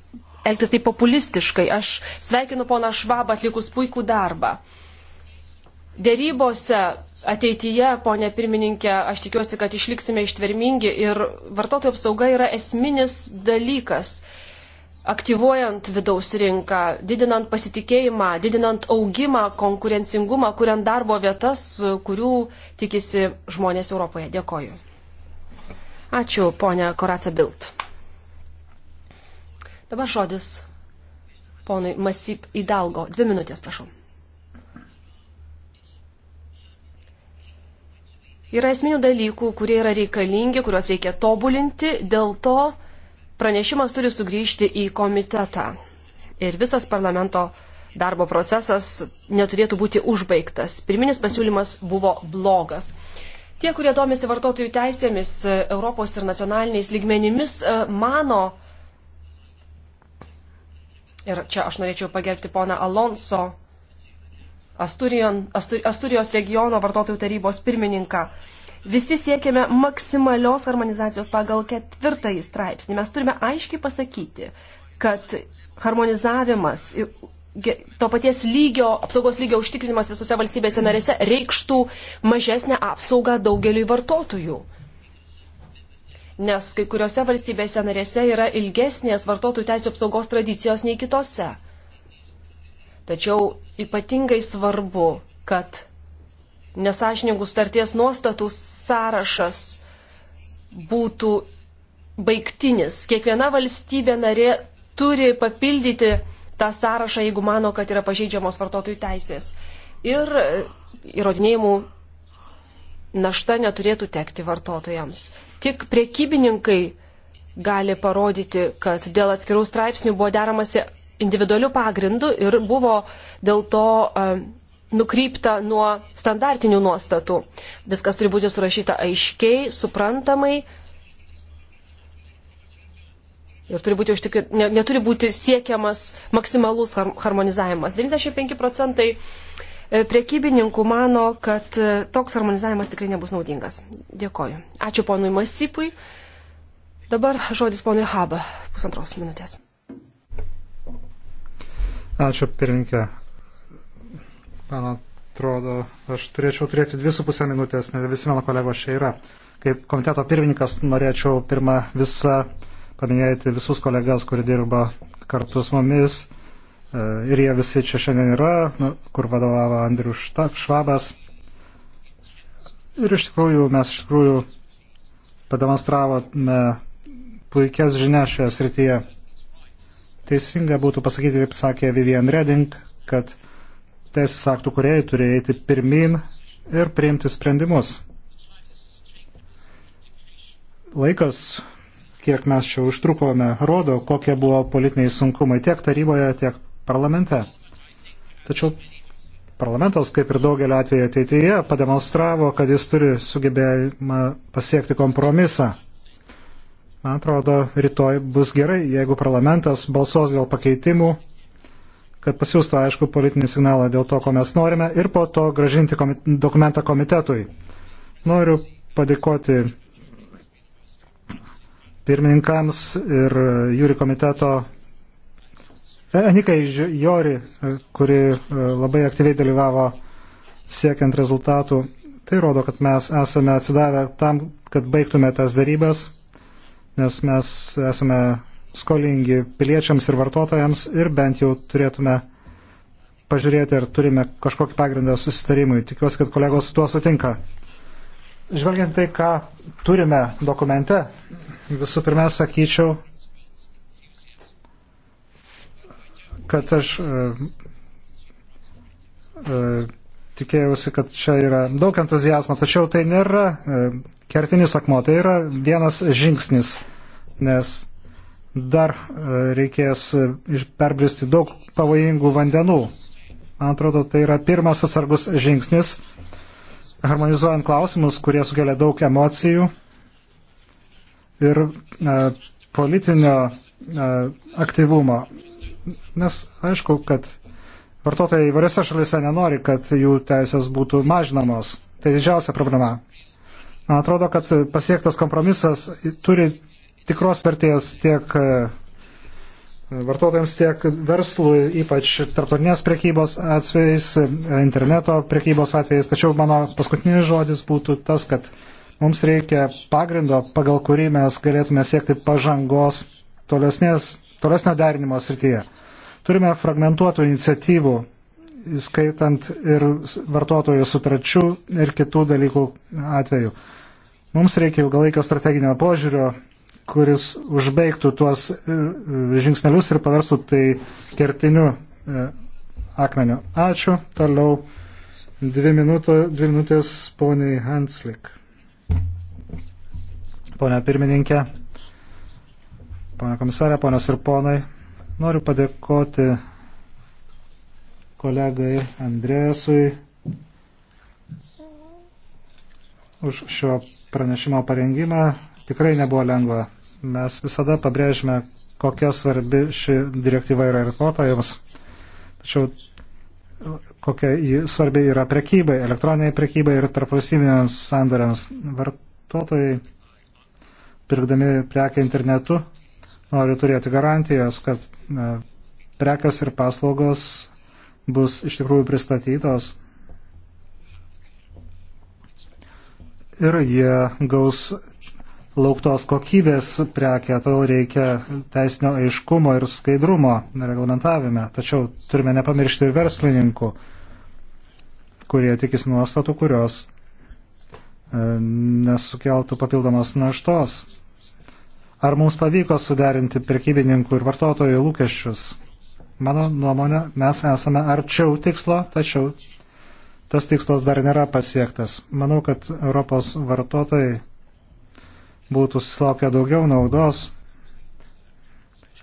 elgtis taip populistiškai. Aš sveikinu poną Švabą atlikus puikų darbą. Dėrybose ateityje, ponė pirmininkė, aš tikiuosi, kad išliksime ištvermingi ir vartotojų apsauga yra esminis dalykas. Aktyvuojant vidaus rinką, didinant pasitikėjimą, didinant augimą, konkurencingumą, kuriant darbo vietas, kurių tikisi žmonės Europoje. Dėkoju. Ačiū, ponė Koraca Bilt. Dabar žodis ponui Masip Idalgo. Dvi minutės, prašau. Yra esminių dalykų, kurie yra reikalingi, kuriuos reikia tobulinti, dėl to pranešimas turi sugrįžti į komitetą. Ir visas parlamento darbo procesas neturėtų būti užbaigtas. Pirminis pasiūlymas buvo blogas. Tie, kurie domisi vartotojų teisėmis e, Europos ir nacionaliniais lygmenimis, e, mano, ir čia aš norėčiau pagerbti poną Alonso, Asturijon, Astur, Asturijos regiono vartotojų tarybos pirmininką. Visi siekiame maksimalios harmonizacijos pagal ketvirtąjį straipsnį. Mes turime aiškiai pasakyti, kad harmonizavimas ir to paties lygio, apsaugos lygio užtikrinimas visose valstybėse narėse reikštų mažesnę apsaugą daugeliui vartotojų nes kai kuriuose valstybėse narėse yra ilgesnės vartotojų teisų apsaugos tradicijos nei kitose. Tačiau ypatingai svarbu, kad nesažiningų starties nuostatų sąrašas būtų baigtinis. Kiekviena valstybė narė turi papildyti tą sąrašą, jeigu mano, kad yra pažeidžiamos vartotojų teisės. Ir įrodinėjimų našta neturėtų tekti vartotojams. Tik priekybininkai gali parodyti, kad dėl atskirų straipsnių buvo deramasi individualių pagrindų ir buvo dėl to e, nukrypta nuo standartinių nuostatų. Viskas turi būti surašyta aiškiai, suprantamai ir turi būti užtikri... neturi būti siekiamas maksimalus harmonizavimas. 95 procentai e, priekybininkų mano, kad e, toks harmonizavimas tikrai nebus naudingas. Dėkoju. Ačiū ponui Masipui. Dabar žodis ponui Haba. Pusantros minutės. Ačiū, pirmininkė. Man atrodo, aš turėčiau turėti dvi su pusę minutės, nes visi mano kolegos čia yra. Kaip komiteto pirmininkas norėčiau pirmą visą paminėti visus kolegas, kurie dirba kartu su mumis. E, ir jie visi čia šiandien yra, nu, kur vadovavo Andrius Švabas. Ir iš tikrųjų mes iš tikrųjų pademonstravome puikias žinias šioje srityje teisinga būtų pasakyti, kaip sakė Vivian Redding, kad teisės aktų kuriejai turi eiti pirmin ir priimti sprendimus. Laikas, kiek mes čia užtrukome, rodo, kokie buvo politiniai sunkumai tiek taryboje, tiek parlamente. Tačiau parlamentas, kaip ir daugelio atveju ateityje, pademonstravo, kad jis turi sugebėjimą pasiekti kompromisą Man atrodo, rytoj bus gerai, jeigu parlamentas balsuos dėl pakeitimų, kad pasiūstų aišku politinį signalą dėl to, ko mes norime ir po to gražinti komit dokumentą komitetui. Noriu padėkoti pirmininkams ir jūri komiteto Enikai Jori, kuri e, labai aktyviai dalyvavo siekiant rezultatų. Tai rodo, kad mes esame atsidavę tam, kad baigtume tas darybas nes mes esame skolingi piliečiams ir vartotojams ir bent jau turėtume pažiūrėti, ar turime kažkokį pagrindą susitarimui. Tikiuosi, kad kolegos su tuo sutinka. Žvelgiant tai, ką turime dokumente, visų pirma, sakyčiau, kad aš e, e, tikėjausi, kad čia yra daug entuzijazmo, tačiau tai nėra e, kertinis akmo, tai yra vienas žingsnis, nes dar e, reikės e, perbristi daug pavojingų vandenų. Man atrodo, tai yra pirmas atsargus žingsnis, harmonizuojant klausimus, kurie sukelia daug emocijų ir e, politinio e, aktyvumo. Nes aišku, kad Vartotojai įvairiose šalise nenori, kad jų teisės būtų mažinamos. Tai didžiausia problema. Man atrodo, kad pasiektas kompromisas turi tikros vertės tiek e, vartotojams, tiek verslui, ypač tarptautinės priekybos atvejais, e, interneto priekybos atvejais. Tačiau mano paskutinis žodis būtų tas, kad mums reikia pagrindo, pagal kurį mes galėtume siekti pažangos tolesnės, tolesnio derinimo srityje. Turime fragmentuotų iniciatyvų, įskaitant ir vartotojų sutračių ir kitų dalykų atveju. Mums reikia ilgalaikio strateginio požiūrio, kuris užbaigtų tuos e, e, žingsnelius ir paversų tai kertiniu e, akmeniu. Ačiū. Toliau dvi, minuto, dvi minutės poniai Hanslik. Pone pirmininkė, pone komisarė, ponios ir ponai. Noriu padėkoti kolegai Andrėsui už šio pranešimo parengimą. Tikrai nebuvo lengva. Mes visada pabrėžime, kokia svarbi ši direktyva yra vartotojams. Tačiau kokia svarbi yra prekybai, elektroniniai prekybai ir tarpvalstybiniams sandoriams. Vartotojai, pirkdami prekę internetu, nori turėti garantijas, kad prekas ir paslaugos bus iš tikrųjų pristatytos ir jie gaus lauktos kokybės prekę, todėl reikia teisinio aiškumo ir skaidrumo reglamentavime. Tačiau turime nepamiršti ir verslininkų, kurie tikisi nuostatų, kurios e, nesukeltų papildomos naštos. Ar mums pavyko suderinti prekybininkų ir vartotojų lūkesčius? Mano nuomonė, mes esame arčiau tikslo, tačiau tas tikslas dar nėra pasiektas. Manau, kad Europos vartotojai būtų susilaukę daugiau naudos,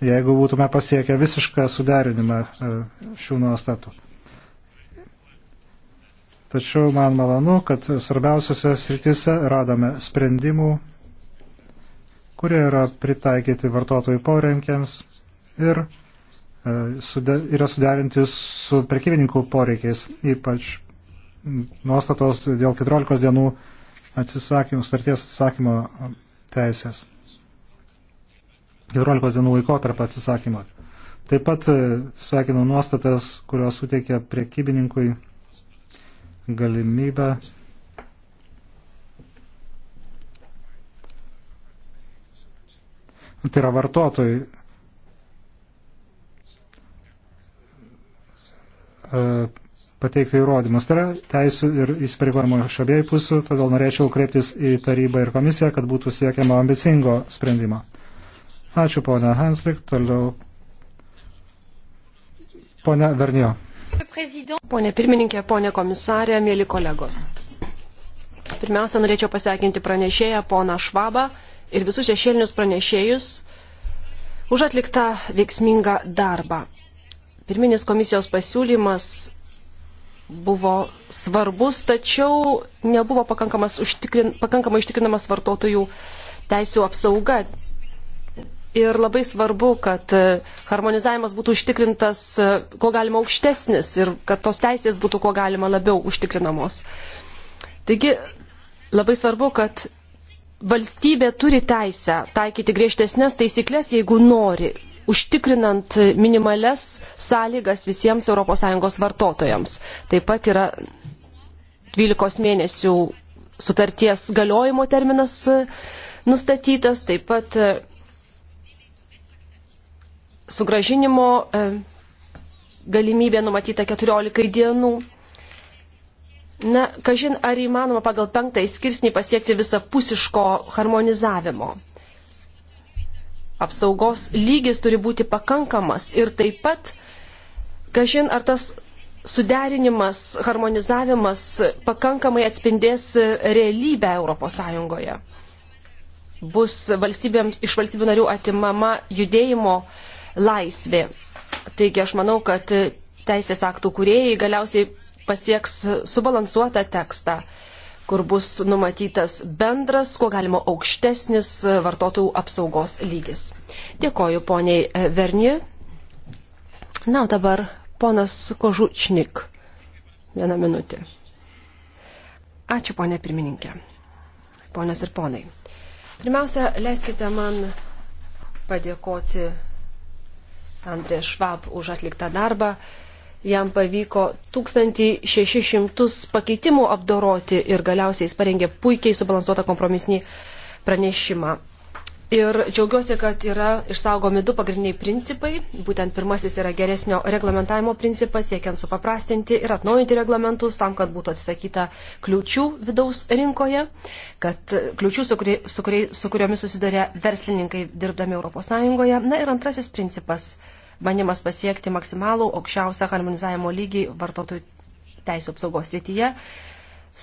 jeigu būtume pasiekę visišką suderinimą e, šių nuostatų. Tačiau man malonu, kad svarbiausiose sritise radome sprendimų kurie yra pritaikyti vartotojų poreikiams ir e, yra suderinti su prekybininkų poreikiais, ypač nuostatos dėl 14 dienų atsisakymų, starties atsisakymo teisės. 14 dienų laikotarpio atsisakymo. Taip pat e, sveikinu nuostatas, kurios suteikia priekybininkui galimybę tai yra vartotojai. E, pateikti įrodymus. Tai yra teisų ir įsipareigojimų iš abiejų pusių, todėl norėčiau kreiptis į tarybą ir komisiją, kad būtų siekiama ambicingo sprendimo. Ačiū, ponia Hanslik. Toliau. Pone Vernio. Pone pirmininkė, pone komisarė, mėly kolegos. Pirmiausia, norėčiau pasveikinti pranešėją, poną Švabą ir visus šešėlinius pranešėjus už atliktą veiksmingą darbą. Pirminis komisijos pasiūlymas buvo svarbus, tačiau nebuvo užtikrin, pakankamai užtikrinamas vartotojų teisų apsauga. Ir labai svarbu, kad harmonizavimas būtų užtikrintas kuo galima aukštesnis ir kad tos teisės būtų kuo galima labiau užtikrinamos. Taigi labai svarbu, kad valstybė turi teisę taikyti griežtesnės taisyklės, jeigu nori, užtikrinant minimales sąlygas visiems ES vartotojams. Taip pat yra 12 mėnesių sutarties galiojimo terminas e, nustatytas, taip pat e, sugražinimo e, galimybė numatyta 14 dienų. Na, kažin, ar įmanoma pagal penktąjį skirsnį pasiekti visapusiško harmonizavimo. Apsaugos lygis turi būti pakankamas ir taip pat, kažin, ar tas suderinimas, harmonizavimas pakankamai atspindės realybę ES. Bus iš valstybių narių atimama judėjimo laisvė. Taigi aš manau, kad teisės aktų kuriejai galiausiai pasieks subalansuotą tekstą kur bus numatytas bendras, kuo galima aukštesnis vartotojų apsaugos lygis. Dėkoju poniai e, Verni. Na, o dabar ponas Kožučnik. Vieną minutę. Ačiū, ponė pirmininkė. Ponios ir ponai. Pirmiausia, leiskite man padėkoti Andrė Švab už atliktą darbą. Uh, jam pavyko 1600 pakeitimų apdoroti ir galiausiai jis parengė puikiai subalansuotą kompromisinį pranešimą. Ir džiaugiuosi, kad yra išsaugomi du pagrindiniai principai. Būtent pirmasis yra geresnio reglamentavimo principas, siekiant supaprastinti ir atnaujinti reglamentus tam, kad būtų atsisakyta kliūčių vidaus rinkoje, kad kliūčių, su, kuri, su, kuri, su kuriomis susiduria verslininkai dirbdami ES. Na ir antrasis principas bandymas pasiekti maksimalų aukščiausią harmonizavimo lygį vartotojų teisų apsaugos rytyje,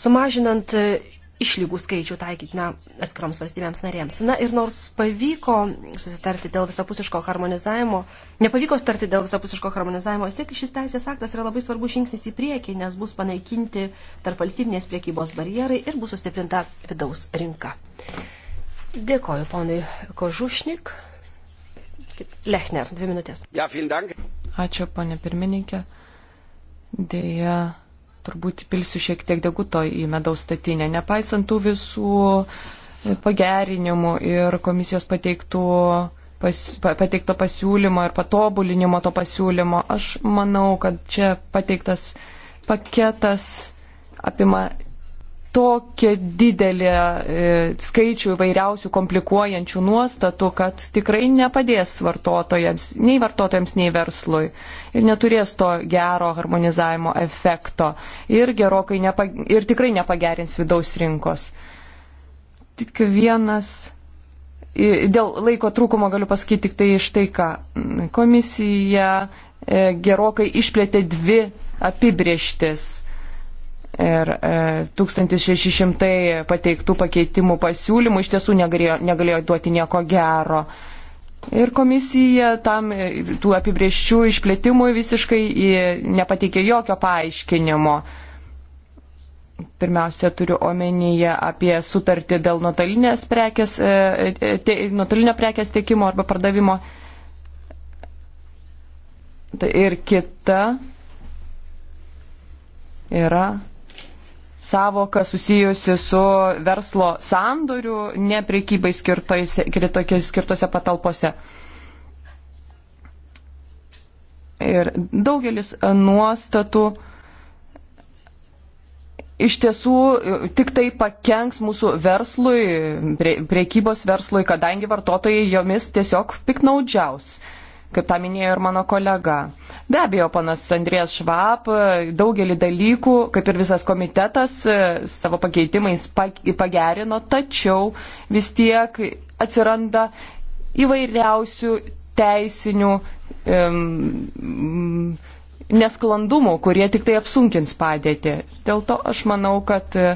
sumažinant e, išlygų skaičių taikytina atskiroms valstybėms narėms. Na ir nors pavyko susitarti dėl visapusiško harmonizavimo, nepavyko sutarti dėl visapusiško harmonizavimo, vis tiek šis teisės aktas yra labai svarbus žingsnis į priekį, nes bus panaikinti tarp valstybinės priekybos barjerai ir bus sustiprinta vidaus rinka. Dėkoju ponui Kožušnik. Lechner, dvi minutės. Ja, Ačiū, ponė pirmininkė. Deja, turbūt pilsiu šiek tiek deguto į medaus statinę. Nepaisant tų visų e, pagerinimų ir komisijos pateiktų, pas, pateikto pasiūlymo ir patobulinimo to pasiūlymo, aš manau, kad čia pateiktas paketas apima tokią didelę e, skaičių įvairiausių komplikuojančių nuostatų, kad tikrai nepadės vartotojams, nei vartotojams, nei verslui. Ir neturės to gero harmonizavimo efekto. Ir, nepa, ir tikrai nepagerins vidaus rinkos. Tik vienas. Dėl laiko trūkumo galiu pasakyti tik tai štai ką. Komisija e, gerokai išplėtė dvi apibrieštis Ir e, 1600 pateiktų pakeitimų pasiūlymų iš tiesų negalėjo, negalėjo duoti nieko gero. Ir komisija tam e, tų apibrieščių išplėtimui visiškai e, nepateikė jokio paaiškinimo. Pirmiausia, turiu omenyje apie sutartį dėl nuotolinės prekės, e, te, nuotolinio prekės tiekimo arba pardavimo. Tai ir kita yra savoka susijusi su verslo sandoriu, ne priekybai skirtose, skirtose patalpose. Ir daugelis nuostatų iš tiesų e, tik tai pakenks mūsų verslui, prie, priekybos verslui, kadangi vartotojai jomis tiesiog piknaudžiaus kaip tą minėjo ir mano kolega. Be abejo, panas Andrės Švab daugelį dalykų, kaip ir visas komitetas, e, savo pakeitimais pagerino, tačiau vis tiek atsiranda įvairiausių teisinių um, nesklandumų, kurie tik tai apsunkins padėtį. Dėl to aš manau, kad uh,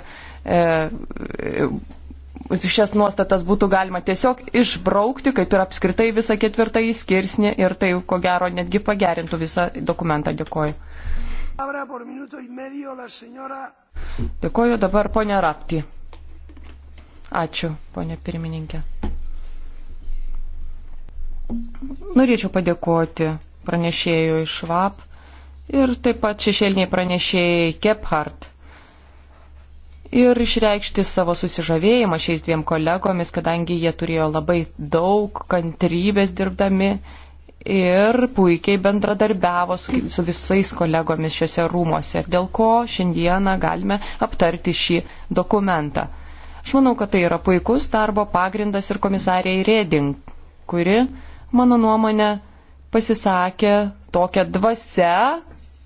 šias nuostatas būtų galima tiesiog išbraukti, kaip ir apskritai visą ketvirtąjį skirsnį ir tai, ko gero, netgi pagerintų visą dokumentą. Dėkoju. Dėkoju dabar ponia Rapti. Ačiū, ponia pirmininkė. Norėčiau padėkoti pranešėjui Švab ir taip pat šešėliniai pranešėjai Kephart ir išreikšti savo susižavėjimą šiais dviem kolegomis, kadangi jie turėjo labai daug kantrybės dirbdami ir puikiai bendradarbiavo su, su visais kolegomis šiuose rūmose, dėl ko šiandieną galime aptarti šį dokumentą. Aš manau, kad tai yra puikus darbo pagrindas ir komisariai Reding, kuri, mano nuomonė, pasisakė tokią dvasę,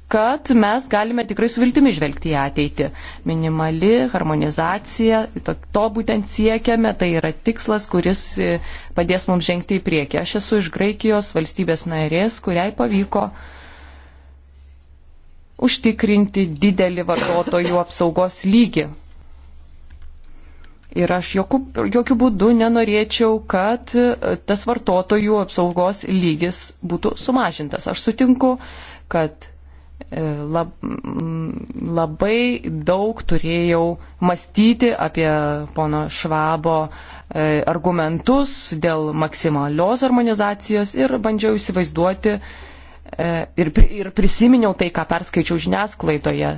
kad mes galime tikrai su viltimi žvelgti į ateitį. Minimali harmonizacija, to, to būtent siekiame, tai yra tikslas, kuris e, padės mums žengti į priekį. Aš esu iš Graikijos valstybės narės, kuriai pavyko užtikrinti didelį vartotojų apsaugos lygį. Ir aš jokių, jokių būdų nenorėčiau, kad e, tas vartotojų apsaugos lygis būtų sumažintas. Aš sutinku, kad E, lab, labai daug turėjau mąstyti apie pono Švabo e, argumentus dėl maksimalios harmonizacijos ir bandžiau įsivaizduoti e, ir, ir prisiminiau tai, ką perskaičiau žiniasklaidoje.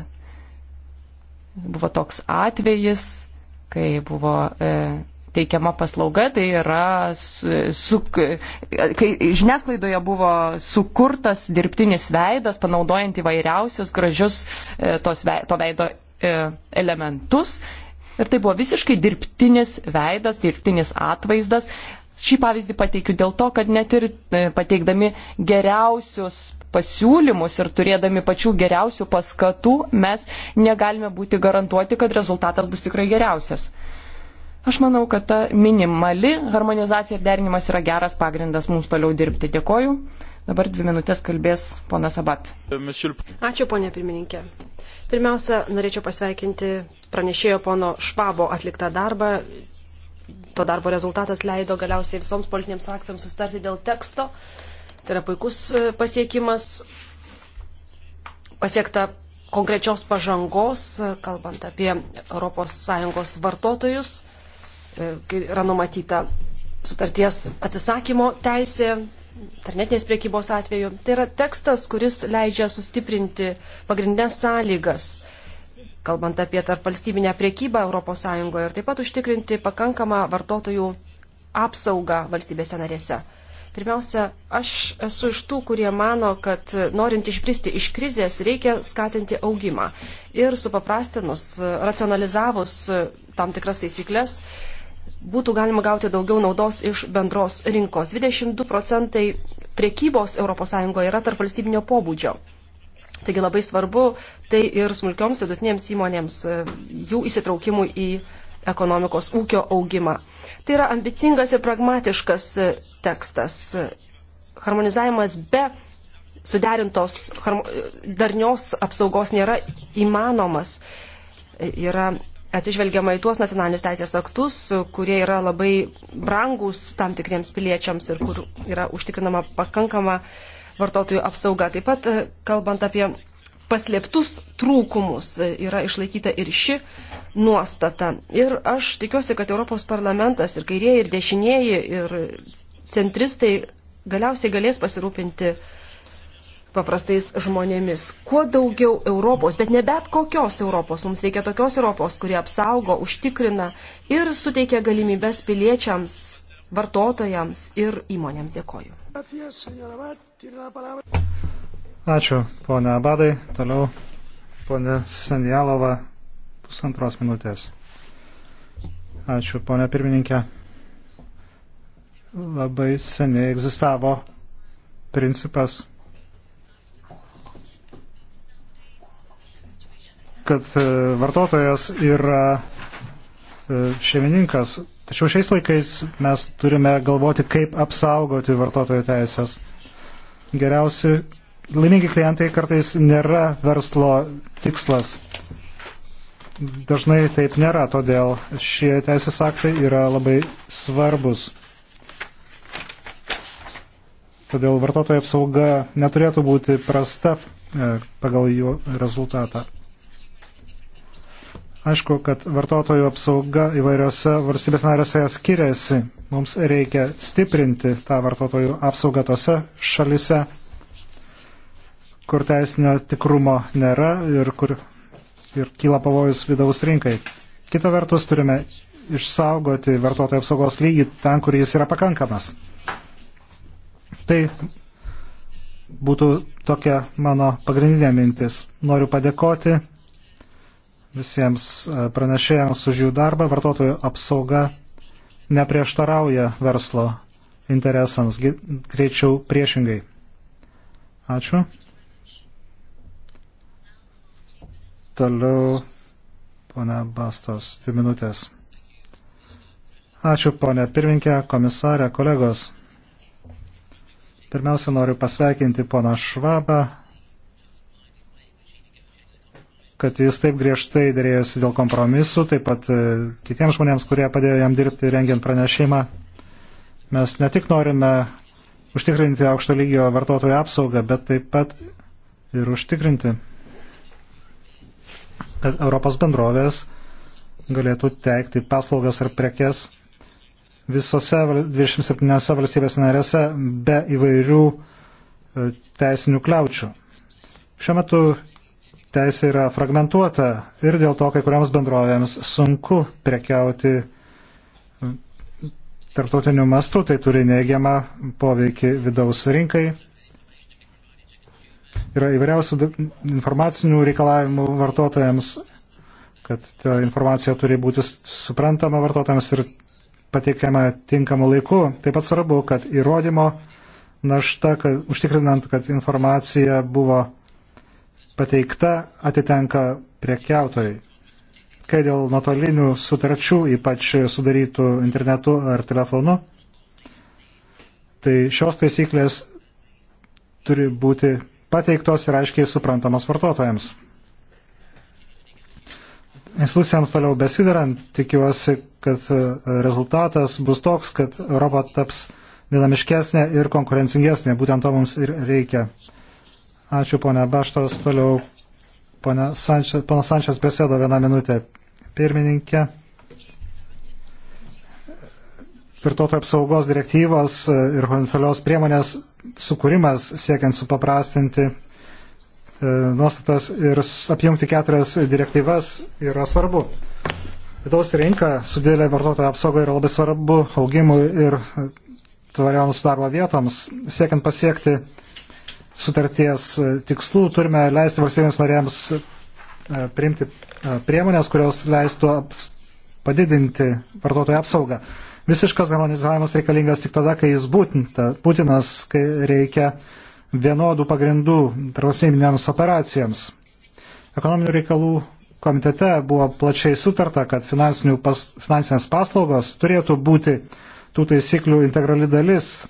Buvo toks atvejis, kai buvo teikiama paslauga, tai yra, su, kai žiniasklaidoje buvo sukurtas dirbtinis veidas, panaudojant įvairiausius gražius e, tos, to veido e, elementus. Ir tai buvo visiškai dirbtinis veidas, dirbtinis atvaizdas. Šį pavyzdį pateikiu dėl to, kad net ir e, pateikdami geriausius pasiūlymus ir turėdami pačių geriausių paskatų, mes negalime būti garantuoti, kad rezultatas bus tikrai geriausias. Aš manau, kad ta minimali harmonizacija ir derinimas yra geras pagrindas mums toliau dirbti. Dėkoju. Dabar dvi minutės kalbės ponas Abat. Ačiū, ponė pirmininkė. Pirmiausia, norėčiau pasveikinti pranešėjo pono Švabo atliktą darbą. To darbo rezultatas leido galiausiai visoms politinėms akcijoms sustarti dėl teksto. Tai yra puikus e, pasiekimas. Pasiekta konkrečios pažangos, e, kalbant apie ES vartotojus E, kai yra numatyta sutarties atsisakymo teisė, internetinės priekybos atveju. Tai yra tekstas, kuris leidžia sustiprinti pagrindinės sąlygas, kalbant apie tarp valstybinę priekybą ES ir taip pat užtikrinti pakankamą vartotojų apsaugą valstybėse narėse. Pirmiausia, aš esu iš tų, kurie mano, kad norint išbristi iš krizės, reikia skatinti augimą. Ir supaprastinus, racionalizavus tam tikras taisyklės, būtų galima gauti daugiau naudos iš bendros rinkos. 22 procentai priekybos ES yra tarp valstybinio pobūdžio. Taigi labai svarbu tai ir smulkioms vidutinėms įmonėms, e, jų įsitraukimui į ekonomikos ūkio augimą. Tai yra ambicingas ir pragmatiškas e, tekstas. Harmonizavimas be suderintos e, darnios apsaugos nėra įmanomas. Yra atsižvelgiama į tuos nacionalinius teisės aktus, kurie yra labai brangus tam tikriems piliečiams ir kur yra užtikrinama pakankama vartotojų apsauga. Taip pat, e, kalbant apie paslėptus trūkumus, e, yra išlaikyta ir ši nuostata. Ir aš tikiuosi, kad Europos parlamentas ir kairieji, ir dešinieji, ir centristai galiausiai galės pasirūpinti uh, paprastais žmonėmis. Kuo daugiau Europos, bet ne bet kokios Europos, mums reikia tokios Europos, kuri apsaugo, užtikrina ir suteikia galimybės piliečiams, vartotojams ir įmonėms. Dėkoju. Ačiū, ponia Abadai. Toliau, ponia Sanjalova, pusantros minutės. Ačiū, ponia pirmininkė. Labai seniai egzistavo principas kad e, vartotojas yra e, šeimininkas. Tačiau šiais laikais mes turime galvoti, kaip apsaugoti vartotojo teisės. Geriausi laimingi klientai kartais nėra verslo tikslas. Dažnai taip nėra, todėl šie teisės aktai yra labai svarbus. Todėl vartotojo apsauga neturėtų būti prasta e, pagal jų rezultatą. Aišku, kad vartotojų apsauga įvairiose valstybės narėse skiriasi. Mums reikia stiprinti tą vartotojų apsaugą tose šalise, kur teisinio tikrumo nėra ir kur ir kyla pavojus vidaus rinkai. Kita vertus, turime išsaugoti vartotojų apsaugos lygį ten, kur jis yra pakankamas. Tai būtų tokia mano pagrindinė mintis. Noriu padėkoti visiems e, pranešėjams už jų darbą. Vartotojų apsauga neprieštarauja verslo interesams, greičiau priešingai. Ačiū. Toliau, pone Bastos, dvi minutės. Ačiū, ponė pirminkė, komisarė, kolegos. Pirmiausia, noriu pasveikinti poną Švabą kad jis taip griežtai dėrėjosi dėl kompromisų, taip pat e, kitiems žmonėms, kurie padėjo jam dirbti rengiant pranešimą. Mes ne tik norime užtikrinti aukšto lygio vartotojų apsaugą, bet taip pat ir užtikrinti, kad Europos bendrovės galėtų teikti paslaugas ar prekes visose 27 valstybės narėse be įvairių e, teisinių kliaučių. Šiuo metu teisė yra fragmentuota ir dėl to kai kuriams bendrovėms sunku prekiauti tarptautiniu mastu, tai turi neigiamą poveikį vidaus rinkai. Yra įvairiausių informacinių reikalavimų vartotojams, kad ta informacija turi būti suprantama vartotojams ir pateikiama tinkamu laiku. Taip pat svarbu, kad įrodymo našta, kad, užtikrinant, kad informacija buvo pateikta atitenka priekiautojai. Kai dėl nuotolinių sutarčių, ypač sudarytų internetu ar telefonu, tai šios taisyklės turi būti pateiktos ir aiškiai suprantamos vartotojams. Institucijams toliau besidarant, tikiuosi, kad e, rezultatas bus toks, kad Europa taps dinamiškesnė ir konkurencingesnė. Būtent to mums ir reikia. Ačiū, ponia Baštos. Toliau, ponia Sančias, pana Sančias besėdo vieną minutę. Pirmininkė. Tvirtotojų apsaugos direktyvos ir horizontalios priemonės sukūrimas siekiant supaprastinti e, nuostatas ir apjungti keturias direktyvas yra svarbu. Vidaus rinka su didelė vartotojo apsauga yra labai svarbu augimui ir tvarioms darbo vietoms, siekiant pasiekti sutarties tikslų turime leisti valstybėms narėms e, priimti e, priemonės, kurios leistų padidinti vartotojų apsaugą. Visiškas harmonizavimas reikalingas tik tada, kai jis būtinta, būtinas, kai reikia vienodų pagrindų tarpvalstybinėms operacijams. Ekonominių reikalų komitete buvo plačiai sutarta, kad pas, finansinės paslaugos turėtų būti tų taisyklių integrali dalis,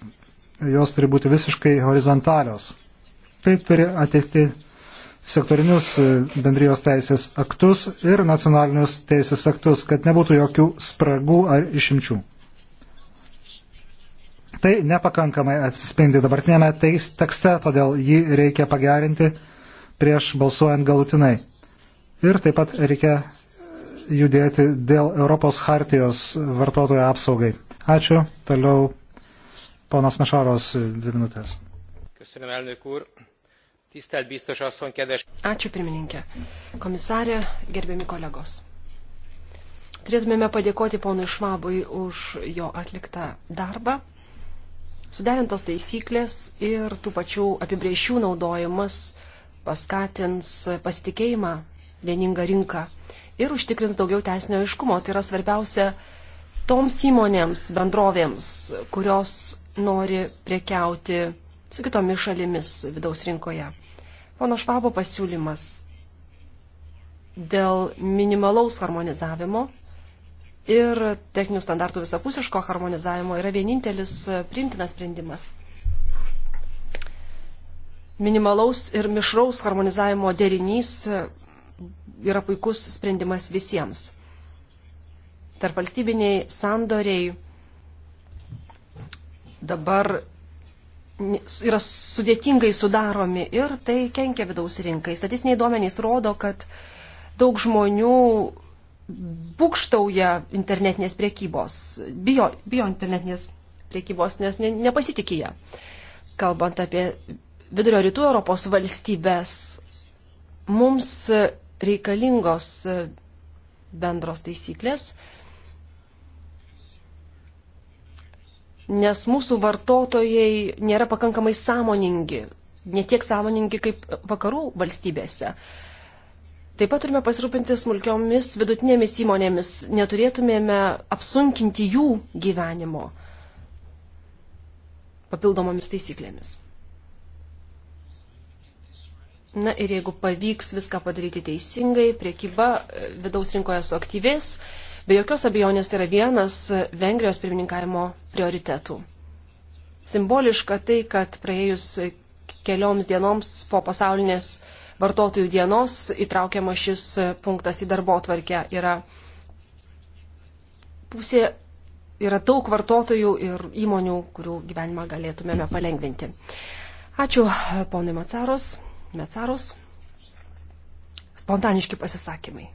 jos turi būti visiškai horizontalios tai turi atitikti sektorinius e, bendrijos teisės aktus ir nacionalinius teisės aktus, kad nebūtų jokių spragų ar išimčių. Tai nepakankamai atsispindi dabartinėme teis tekste, todėl jį reikia pagerinti prieš balsuojant galutinai. Ir taip pat reikia judėti dėl Europos hartijos vartotojo apsaugai. Ačiū. Toliau ponas Mešaros dvi minutės. Köszönöm, elnök úr. Tisztelt biztos asszony, kedves. Ačiū pirmininkė. Komisarė, gerbiami kolegos. Turėtumėme padėkoti ponui Švabui už jo atliktą darbą. Suderintos taisyklės ir tų pačių apibrėžčių naudojimas paskatins pasitikėjimą vieningą rinką ir užtikrins daugiau teisinio aiškumo. Tai yra svarbiausia toms įmonėms, bendrovėms, kurios nori prekiauti su kitomis šalimis vidaus rinkoje. Pono Švabo pasiūlymas dėl minimalaus harmonizavimo ir techninių standartų visapusiško harmonizavimo yra vienintelis priimtinas sprendimas. Minimalaus ir mišraus harmonizavimo derinys yra puikus sprendimas visiems. Tarp valstybiniai sandoriai dabar yra sudėtingai sudaromi ir tai kenkia vidaus rinkai. Statistiniai duomenys rodo, kad daug žmonių būkštauja internetinės priekybos, bijo, bijo internetinės priekybos, nes ne, nepasitikėja. Kalbant apie vidurio rytų Europos valstybės, mums reikalingos bendros taisyklės, nes mūsų vartotojai nėra pakankamai sąmoningi, netiek sąmoningi kaip vakarų valstybėse. Taip pat turime pasirūpinti smulkiomis vidutinėmis įmonėmis, neturėtumėme apsunkinti jų gyvenimo papildomomis taisyklėmis. Na ir jeigu pavyks viską padaryti teisingai, priekyba vidaus rinkoje suaktyvės, aktyvės Be jokios abejonės tai yra vienas Vengrijos pirmininkavimo prioritetų. Simboliška tai, kad praėjus kelioms dienoms po pasaulinės vartotojų dienos įtraukiama šis punktas į darbo tvarkę. Yra pusė, yra daug vartotojų ir įmonių, kurių gyvenimą galėtumėme palengvinti. Ačiū ponui Macaros, Mecaros. Spontaniški pasisakymai.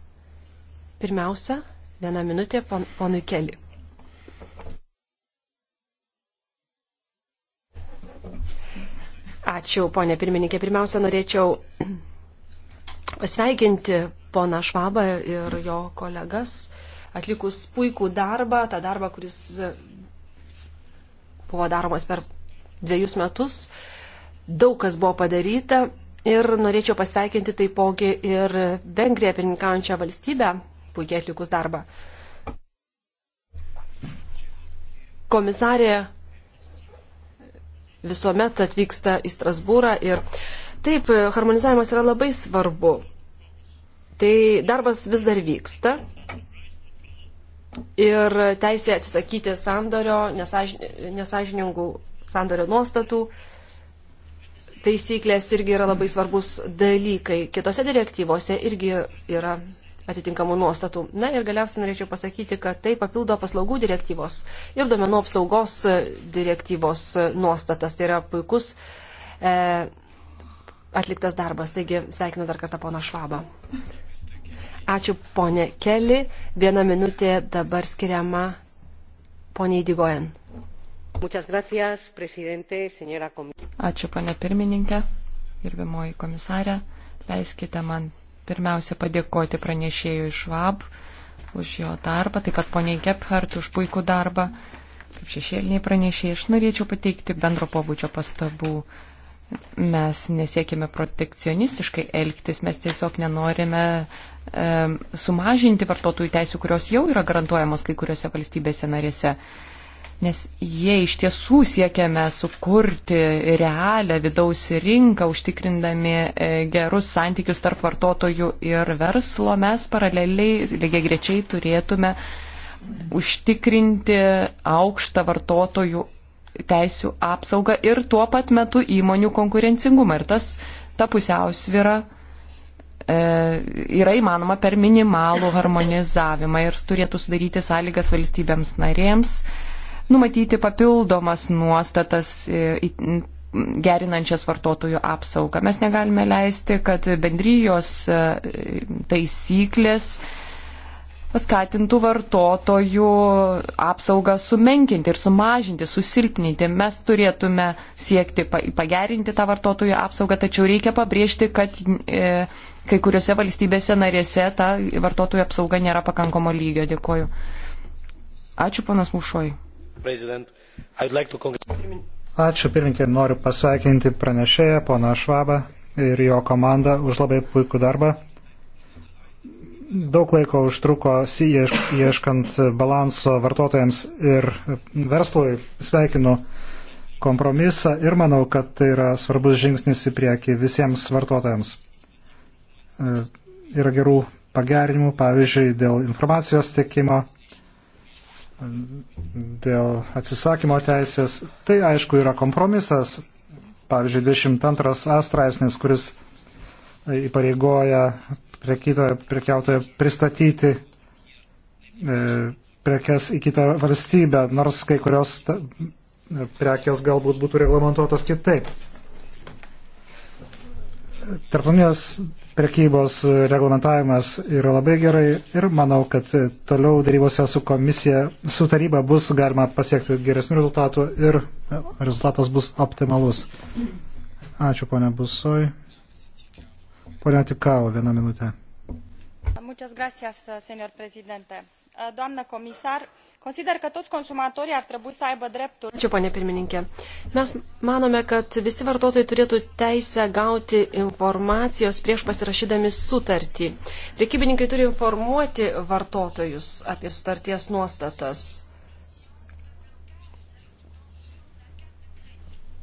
Pirmiausia, Viena minutė pon, ponui Keli. Ačiū, ponė pirmininkė. Pirmiausia, norėčiau pasveikinti poną Švabą ir jo kolegas atlikus puikų darbą, tą darbą, kuris buvo daromas per dviejus metus. Daug kas buvo padaryta ir norėčiau pasveikinti taipogi ir Vengriją pirmininkaujančią valstybę, puikiai atlikus darbą. Komisarė visuomet atvyksta į Strasbūrą ir taip, harmonizavimas yra labai svarbu. Tai darbas vis dar vyksta. Ir teisė atsisakyti sandorio, nesažiningų sandorio nuostatų, taisyklės irgi yra labai svarbus dalykai. Kitose direktyvose irgi yra atitinkamų nuostatų. Na ir galiausiai norėčiau pasakyti, kad tai papildo paslaugų direktyvos ir domenų apsaugos e, direktyvos e, nuostatas. Tai yra puikus e, atliktas darbas. Taigi sveikinu dar kartą poną Švabą. Ačiū ponė Keli. Viena minutė dabar skiriama poniai Digojen. Ačiū ponė pirmininkė, gerbimoji komisarė. Leiskite man pirmiausia padėkoti pranešėjui Švab už jo darbą, taip pat poniai Gephardt už puikų darbą. Kaip šešėliniai pranešėjai, aš norėčiau pateikti bendro pobūdžio pastabų. Mes nesiekime protekcionistiškai elgtis, mes tiesiog nenorime e, sumažinti vartotojų teisų, kurios jau yra garantuojamos kai kuriuose valstybėse narėse. E, Nes jei iš tiesų siekiame sukurti realią vidaus rinką, užtikrindami e, gerus santykius tarp vartotojų ir verslo, mes paraleliai, lygiai grečiai turėtume užtikrinti aukštą vartotojų teisių apsaugą ir tuo pat metu įmonių konkurencingumą. Ir tas, ta pusiausvyra e, yra įmanoma per minimalų harmonizavimą ir turėtų sudaryti sąlygas valstybėms narėms e, numatyti papildomas nuostatas e, gerinančias vartotojų apsaugą. Mes negalime leisti, kad bendrijos e, taisyklės paskatintų vartotojų apsaugą sumenkinti ir sumažinti, susilpninti. Mes turėtume siekti pagerinti tą vartotojų apsaugą, tačiau reikia pabrėžti, kad e, kai kuriuose valstybėse narėse ta vartotojų apsauga nėra pakankamo lygio. Dėkoju. Ačiū, panas Mušoj. Ačiū pirmininkė, noriu pasveikinti pranešėją, poną Švabą ir jo komandą už labai puikų darbą. Daug laiko užtruko ieškant balanso vartotojams ir verslui. Sveikinu kompromisą ir manau, kad tai yra svarbus žingsnis į priekį visiems vartotojams. E, yra gerų pagerinimų, pavyzdžiui, dėl informacijos tiekimo dėl atsisakymo teisės. Tai aišku yra kompromisas. Pavyzdžiui, 22a straipsnis, kuris įpareigoja prekiautoje pristatyti e, prekes į kitą valstybę, nors kai kurios prekes galbūt būtų reglamentuotos kitaip. Tarptautinės prekybos reglamentavimas yra labai gerai ir manau, kad toliau darybose su komisija, su taryba bus galima pasiekti geresnių rezultatų ir rezultatas bus optimalus. Ačiū, ponia Busoj. Ponia Tikau, vieną minutę. Muchas gracias, señor presidente. Uh, doamnă comisar, consider că toți consumatorii ar trebui să aibă dreptul. Ačiū, ponė pirmininkė. Mes manome, kad visi vartotojai turėtų teisę gauti informacijos prieš pasirašydami sutartį. Prekybininkai turi informuoti vartotojus apie sutarties nuostatas.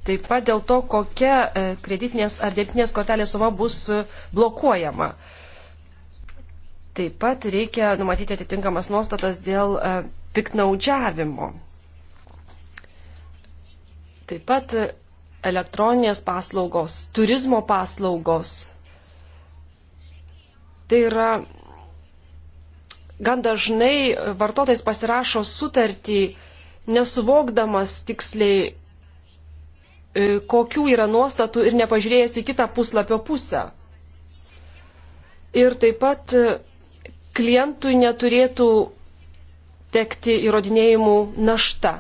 Taip pat dėl to, kokia e, kreditinės ar debitinės kortelės suma bus e, blokuojama. Taip pat reikia numatyti atitinkamas nuostatas dėl e, piknaudžiavimo. Taip pat elektroninės paslaugos, turizmo paslaugos. Tai yra gan dažnai vartotojas pasirašo sutartį, nesuvokdamas tiksliai, e, kokių yra nuostatų ir nepažiūrėjęs į kitą puslapio pusę. Ir taip pat klientui neturėtų tekti įrodinėjimų našta.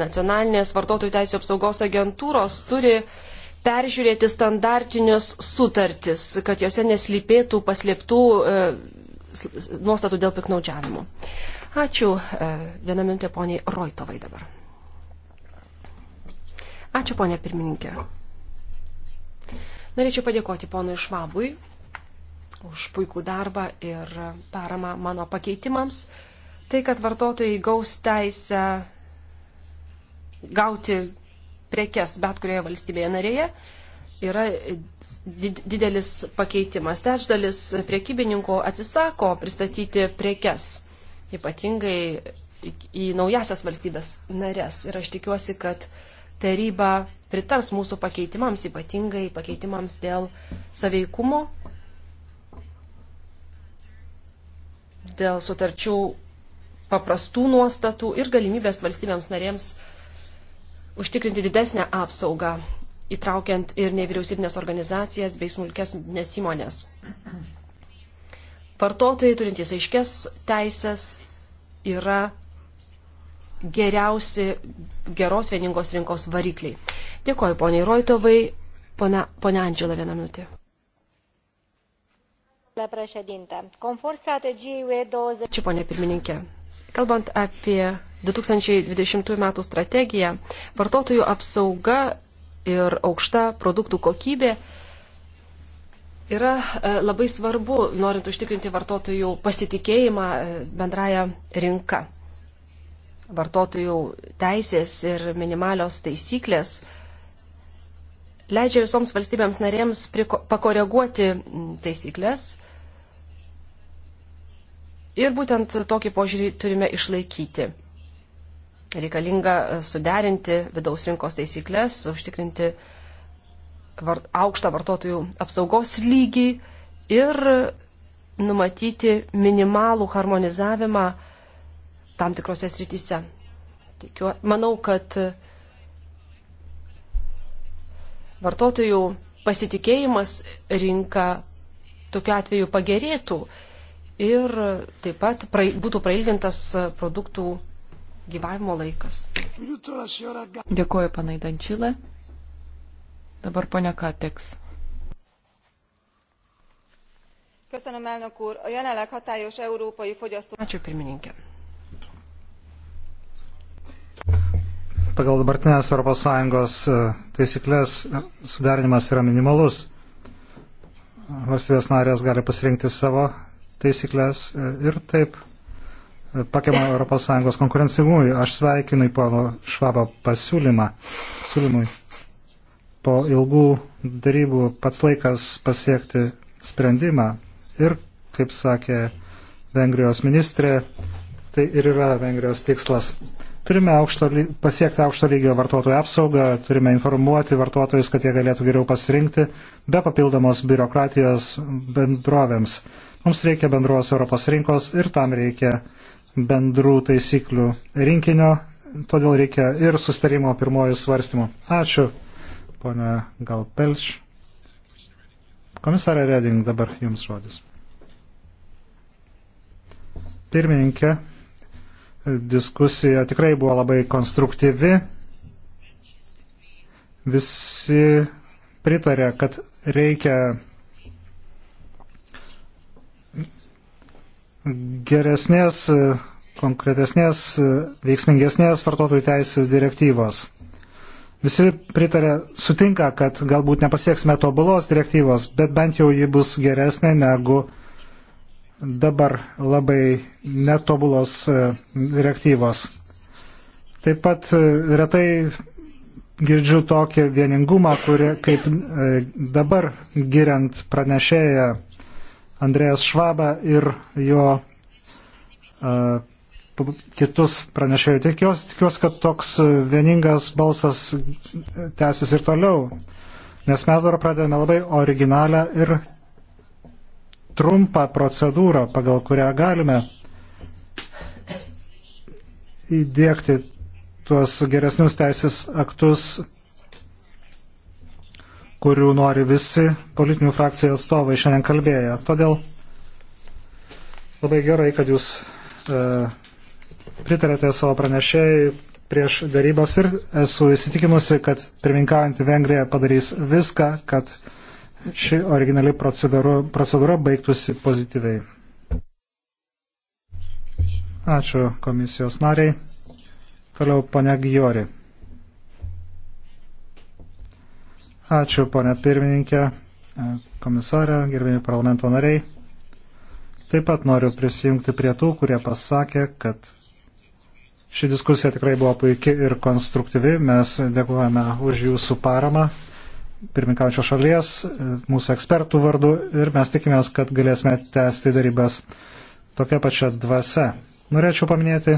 Nacionalinės vartotojų teisų apsaugos agentūros turi peržiūrėti standartinius sutartis, kad juose neslypėtų paslėptų e, nuostatų dėl piknaudžiavimo. Ačiū. E, vieną minutę poniai Roitovai dabar. Ačiū, ponė pirmininkė. Norėčiau padėkoti ponui Švabui už puikų darbą ir paramą mano pakeitimams. Tai, kad vartotojai gaus teisę gauti prekes bet kurioje valstybėje narėje, yra didelis pakeitimas. Trečdalis priekybininkų atsisako pristatyti prekes ypatingai į naujasias valstybės narės. Ir aš tikiuosi, kad taryba pritars mūsų pakeitimams, ypatingai pakeitimams dėl saveikumo, dėl sutarčių paprastų nuostatų ir galimybės valstybėms narėms užtikrinti didesnę apsaugą, įtraukiant ir nevyriausybinės organizacijas bei smulkesnės įmonės. Vartotojai turintys aiškės teisės yra geriausi geros vieningos rinkos varikliai. Dėkoju, poniai Roitovai. Pone, pone Andžela, vieną minutę. Čia, ponė pirmininkė, kalbant apie 2020 m. strategiją, vartotojų apsauga ir aukšta produktų kokybė yra e, labai svarbu, norint užtikrinti vartotojų pasitikėjimą e, bendrają rinką. Vartotojų teisės ir minimalios taisyklės leidžia visoms valstybėms narėms pakoreguoti taisyklės. Ir būtent tokį požiūrį turime išlaikyti. Reikalinga suderinti vidaus rinkos taisyklės, užtikrinti var, aukštą vartotojų apsaugos lygį ir numatyti minimalų harmonizavimą tam tikrose srityse. Tikiu, manau, kad vartotojų pasitikėjimas rinka tokiu atveju pagerėtų ir taip pat pra, būtų prailgintas produktų gyvavimo laikas. Dėkuoju, panai Dančilė. Dabar ponia Kateks. Ačiū pirmininkė. pagal dabartinės ES e, taisyklės e, sudarinimas yra minimalus. Valstybės narės gali pasirinkti savo taisyklės e, ir taip pakema ES konkurencingumui. Aš sveikinu į pono Švabo pasiūlymą. Siūlymui. Po ilgų darybų pats laikas pasiekti sprendimą ir, kaip sakė Vengrijos ministrė, tai ir yra Vengrijos tikslas. Turime aukšto, pasiekti aukšto lygio vartotojų apsaugą, turime informuoti vartotojus, kad jie galėtų geriau pasirinkti be papildomos biurokratijos bendrovėms. Mums reikia bendros Europos rinkos ir tam reikia bendrų taisyklių rinkinio, todėl reikia ir sustarimo pirmojų svarstymų. Ačiū, ponia Galpelč. Komisarė Reding, dabar jums žodis. Pirmininkė, Diskusija tikrai buvo labai konstruktyvi. Visi pritarė, kad reikia geresnės, konkretesnės, veiksmingesnės vartotojų teisų direktyvos. Visi pritarė, sutinka, kad galbūt nepasieksime tobulos direktyvos, bet bent jau ji bus geresnė negu dabar labai netobulos e, direktyvos. Taip pat e, retai girdžiu tokį vieningumą, kuri, kaip e, dabar giriant pranešėją Andrėjas Švabą ir jo uh, kitus pranešėjų. Tikiuosi, tikiuos, kad toks vieningas balsas tęsis ir toliau, nes mes dar pradėjome labai originalią ir trumpą procedūrą, pagal kurią galime įdėkti tuos geresnius teisės aktus, kurių nori visi politinių frakcijų atstovai šiandien kalbėjo. Todėl labai gerai, kad jūs e, pritarėte savo pranešėjai prieš darybas ir esu įsitikinusi, kad pirminkaujantį Vengriją padarys viską, kad ši originali procedūra, procedūra baigtųsi pozityviai. Ačiū komisijos nariai. Toliau ponia Giori. Ačiū ponia pirmininkė, komisarė, gerbėjai parlamento nariai. Taip pat noriu prisijungti prie tų, kurie pasakė, kad ši diskusija tikrai buvo puikia ir konstruktyvi. Mes dėkojame už jūsų paramą pirmininkaujančios šalies, mūsų ekspertų vardu ir mes tikimės, kad galėsime tęsti darybas tokia pačia dvasia. Norėčiau paminėti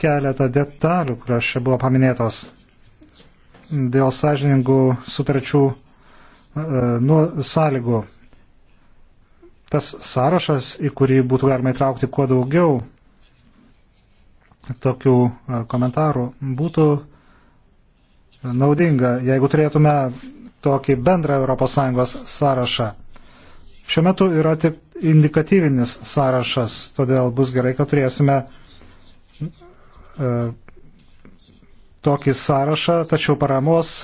keletą detalių, kurios čia buvo paminėtos dėl sąžiningų sutarčių e, nu, sąlygų. Tas sąrašas, į kurį būtų galima įtraukti kuo daugiau tokių e, komentarų, būtų naudinga, jeigu turėtume tokį bendrą ES sąrašą. Šiuo metu yra tik indikatyvinis sąrašas, todėl bus gerai, kad turėsime e, tokį sąrašą, tačiau paramos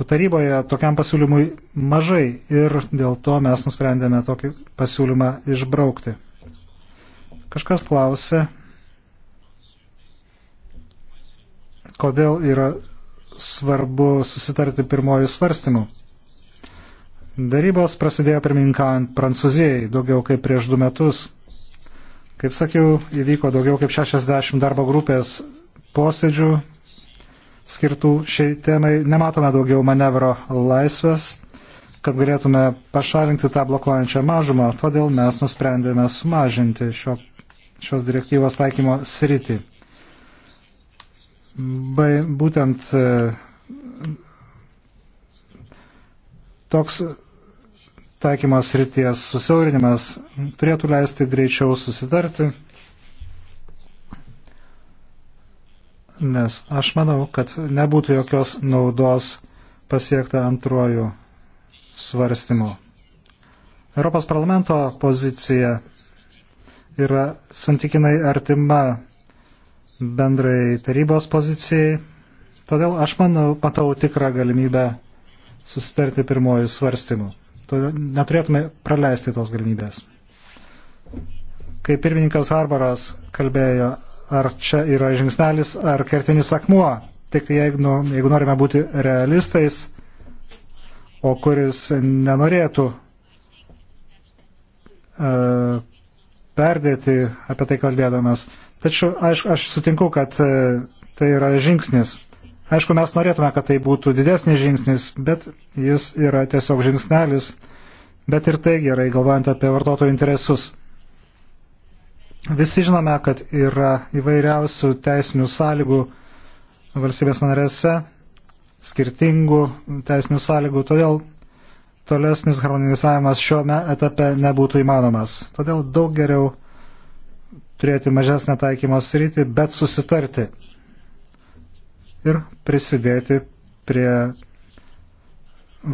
taryboje tokiam pasiūlymui mažai ir dėl to mes nusprendėme tokį pasiūlymą išbraukti. Kažkas klausė, kodėl yra svarbu susitarti pirmojų svarstymų. Darybos prasidėjo pirmininkaujant Prancūzijai daugiau kaip prieš du metus. Kaip sakiau, įvyko daugiau kaip 60 darbo grupės posėdžių skirtų šiai temai. Nematome daugiau manevro laisvės, kad galėtume pašalinti tą blokuojančią mažumą, todėl mes nusprendėme sumažinti šio, šios direktyvos taikymo sritį būtent e, toks taikymas ryties susiaurinimas turėtų leisti greičiau susitarti, nes aš manau, kad nebūtų jokios naudos pasiekta antrojų svarstymų. Europos parlamento pozicija yra santykinai artima bendrai tarybos pozicijai. Todėl aš manau, matau tikrą galimybę susitarti pirmojų svarstymų. Todėl neturėtume praleisti tos galimybės. Kai pirmininkas Harbaras kalbėjo, ar čia yra žingsnelis, ar kertinis akmuo, tik jeigu, nu, jeigu norime būti realistais, o kuris nenorėtų uh, perdėti apie tai kalbėdamas, uh, Tačiau aš, aš sutinku, kad e, tai yra žingsnis. Aišku, mes norėtume, kad tai būtų didesnis žingsnis, bet jis yra tiesiog žingsnelis. Bet ir tai gerai, galvojant apie vartotojų interesus. Visi žinome, kad yra įvairiausių teisinių sąlygų valstybės narėse, skirtingų teisinių sąlygų, todėl tolesnis harmonizavimas šiuo etape nebūtų įmanomas. Todėl daug geriau turėti mažesnę taikymo sritį, bet susitarti ir prisidėti prie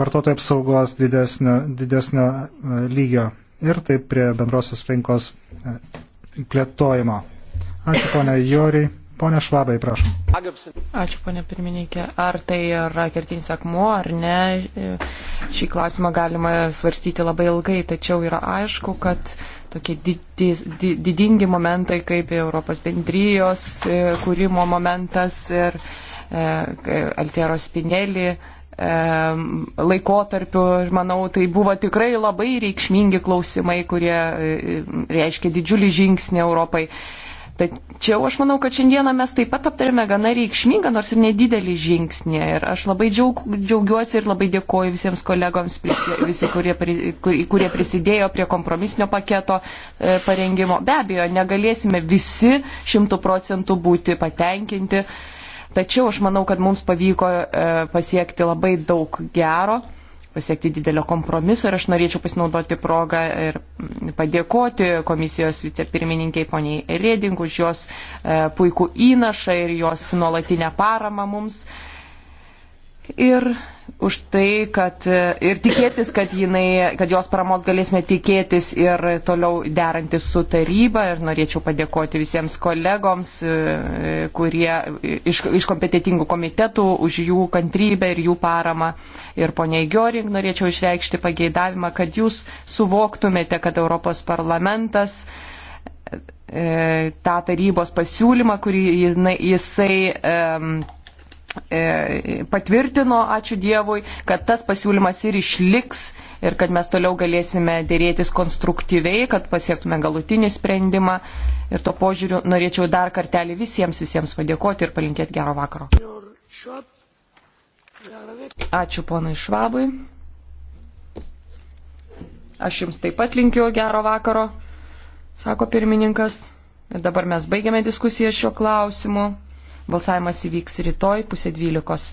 vartotojų apsaugos didesnio, didesnio e, lygio ir taip prie bendrosios rinkos e, plėtojimo. Ačiū, ponia Joriai. Pone Švabai, prašom. Ačiū, ponė pirmininkė. Ar tai yra kertinis akmuo, ar ne? Šį klausimą galima svarstyti labai ilgai, tačiau yra aišku, kad tokie didis, did, didingi momentai, kaip Europos bendrijos e, kūrimo momentas ir e, Altero Spinelį e, laikotarpiu, manau, tai buvo tikrai labai reikšmingi klausimai, kurie e, reiškia didžiulį žingsnį Europai. E, Tačiau aš manau, kad šiandieną mes taip pat aptarėme gana reikšmingą, nors ir nedidelį žingsnį. Ir aš labai džiaug, džiaugiuosi ir labai dėkoju visiems kolegoms, visi, kurie, kurie prisidėjo prie kompromisinio paketo e, parengimo. Be abejo, negalėsime visi šimtų procentų būti patenkinti. Tačiau aš manau, kad mums pavyko e, pasiekti labai daug gero pasiekti didelio kompromiso ir aš norėčiau pasinaudoti progą ir padėkoti komisijos vicepirmininkiai poniai Rėding už jos e, puikų įnašą ir jos nuolatinę paramą mums. Ir už tai, kad e, ir tikėtis, kad, jinai, kad jos paramos galėsime tikėtis ir toliau derantis su taryba. Ir norėčiau padėkoti visiems kolegoms, e, kurie iš, iš kompetitingų komitetų už jų kantrybę ir jų paramą. Ir poniai Gioring norėčiau išreikšti pageidavimą, kad jūs suvoktumėte, kad Europos parlamentas e, tą tarybos pasiūlymą, kurį jisai E, patvirtino, ačiū Dievui, kad tas pasiūlymas ir išliks ir kad mes toliau galėsime dėrėtis konstruktyviai, kad pasiektume galutinį sprendimą. Ir to požiūriu norėčiau dar kartelį visiems, visiems padėkoti ir palinkėti gero vakaro. Ačiū ponui Švabui. Aš jums taip pat linkiu gero vakaro, sako pirmininkas. Ir dabar mes baigiame diskusiją šiuo klausimu. Balsavimas įvyks rytoj pusė dvylikos.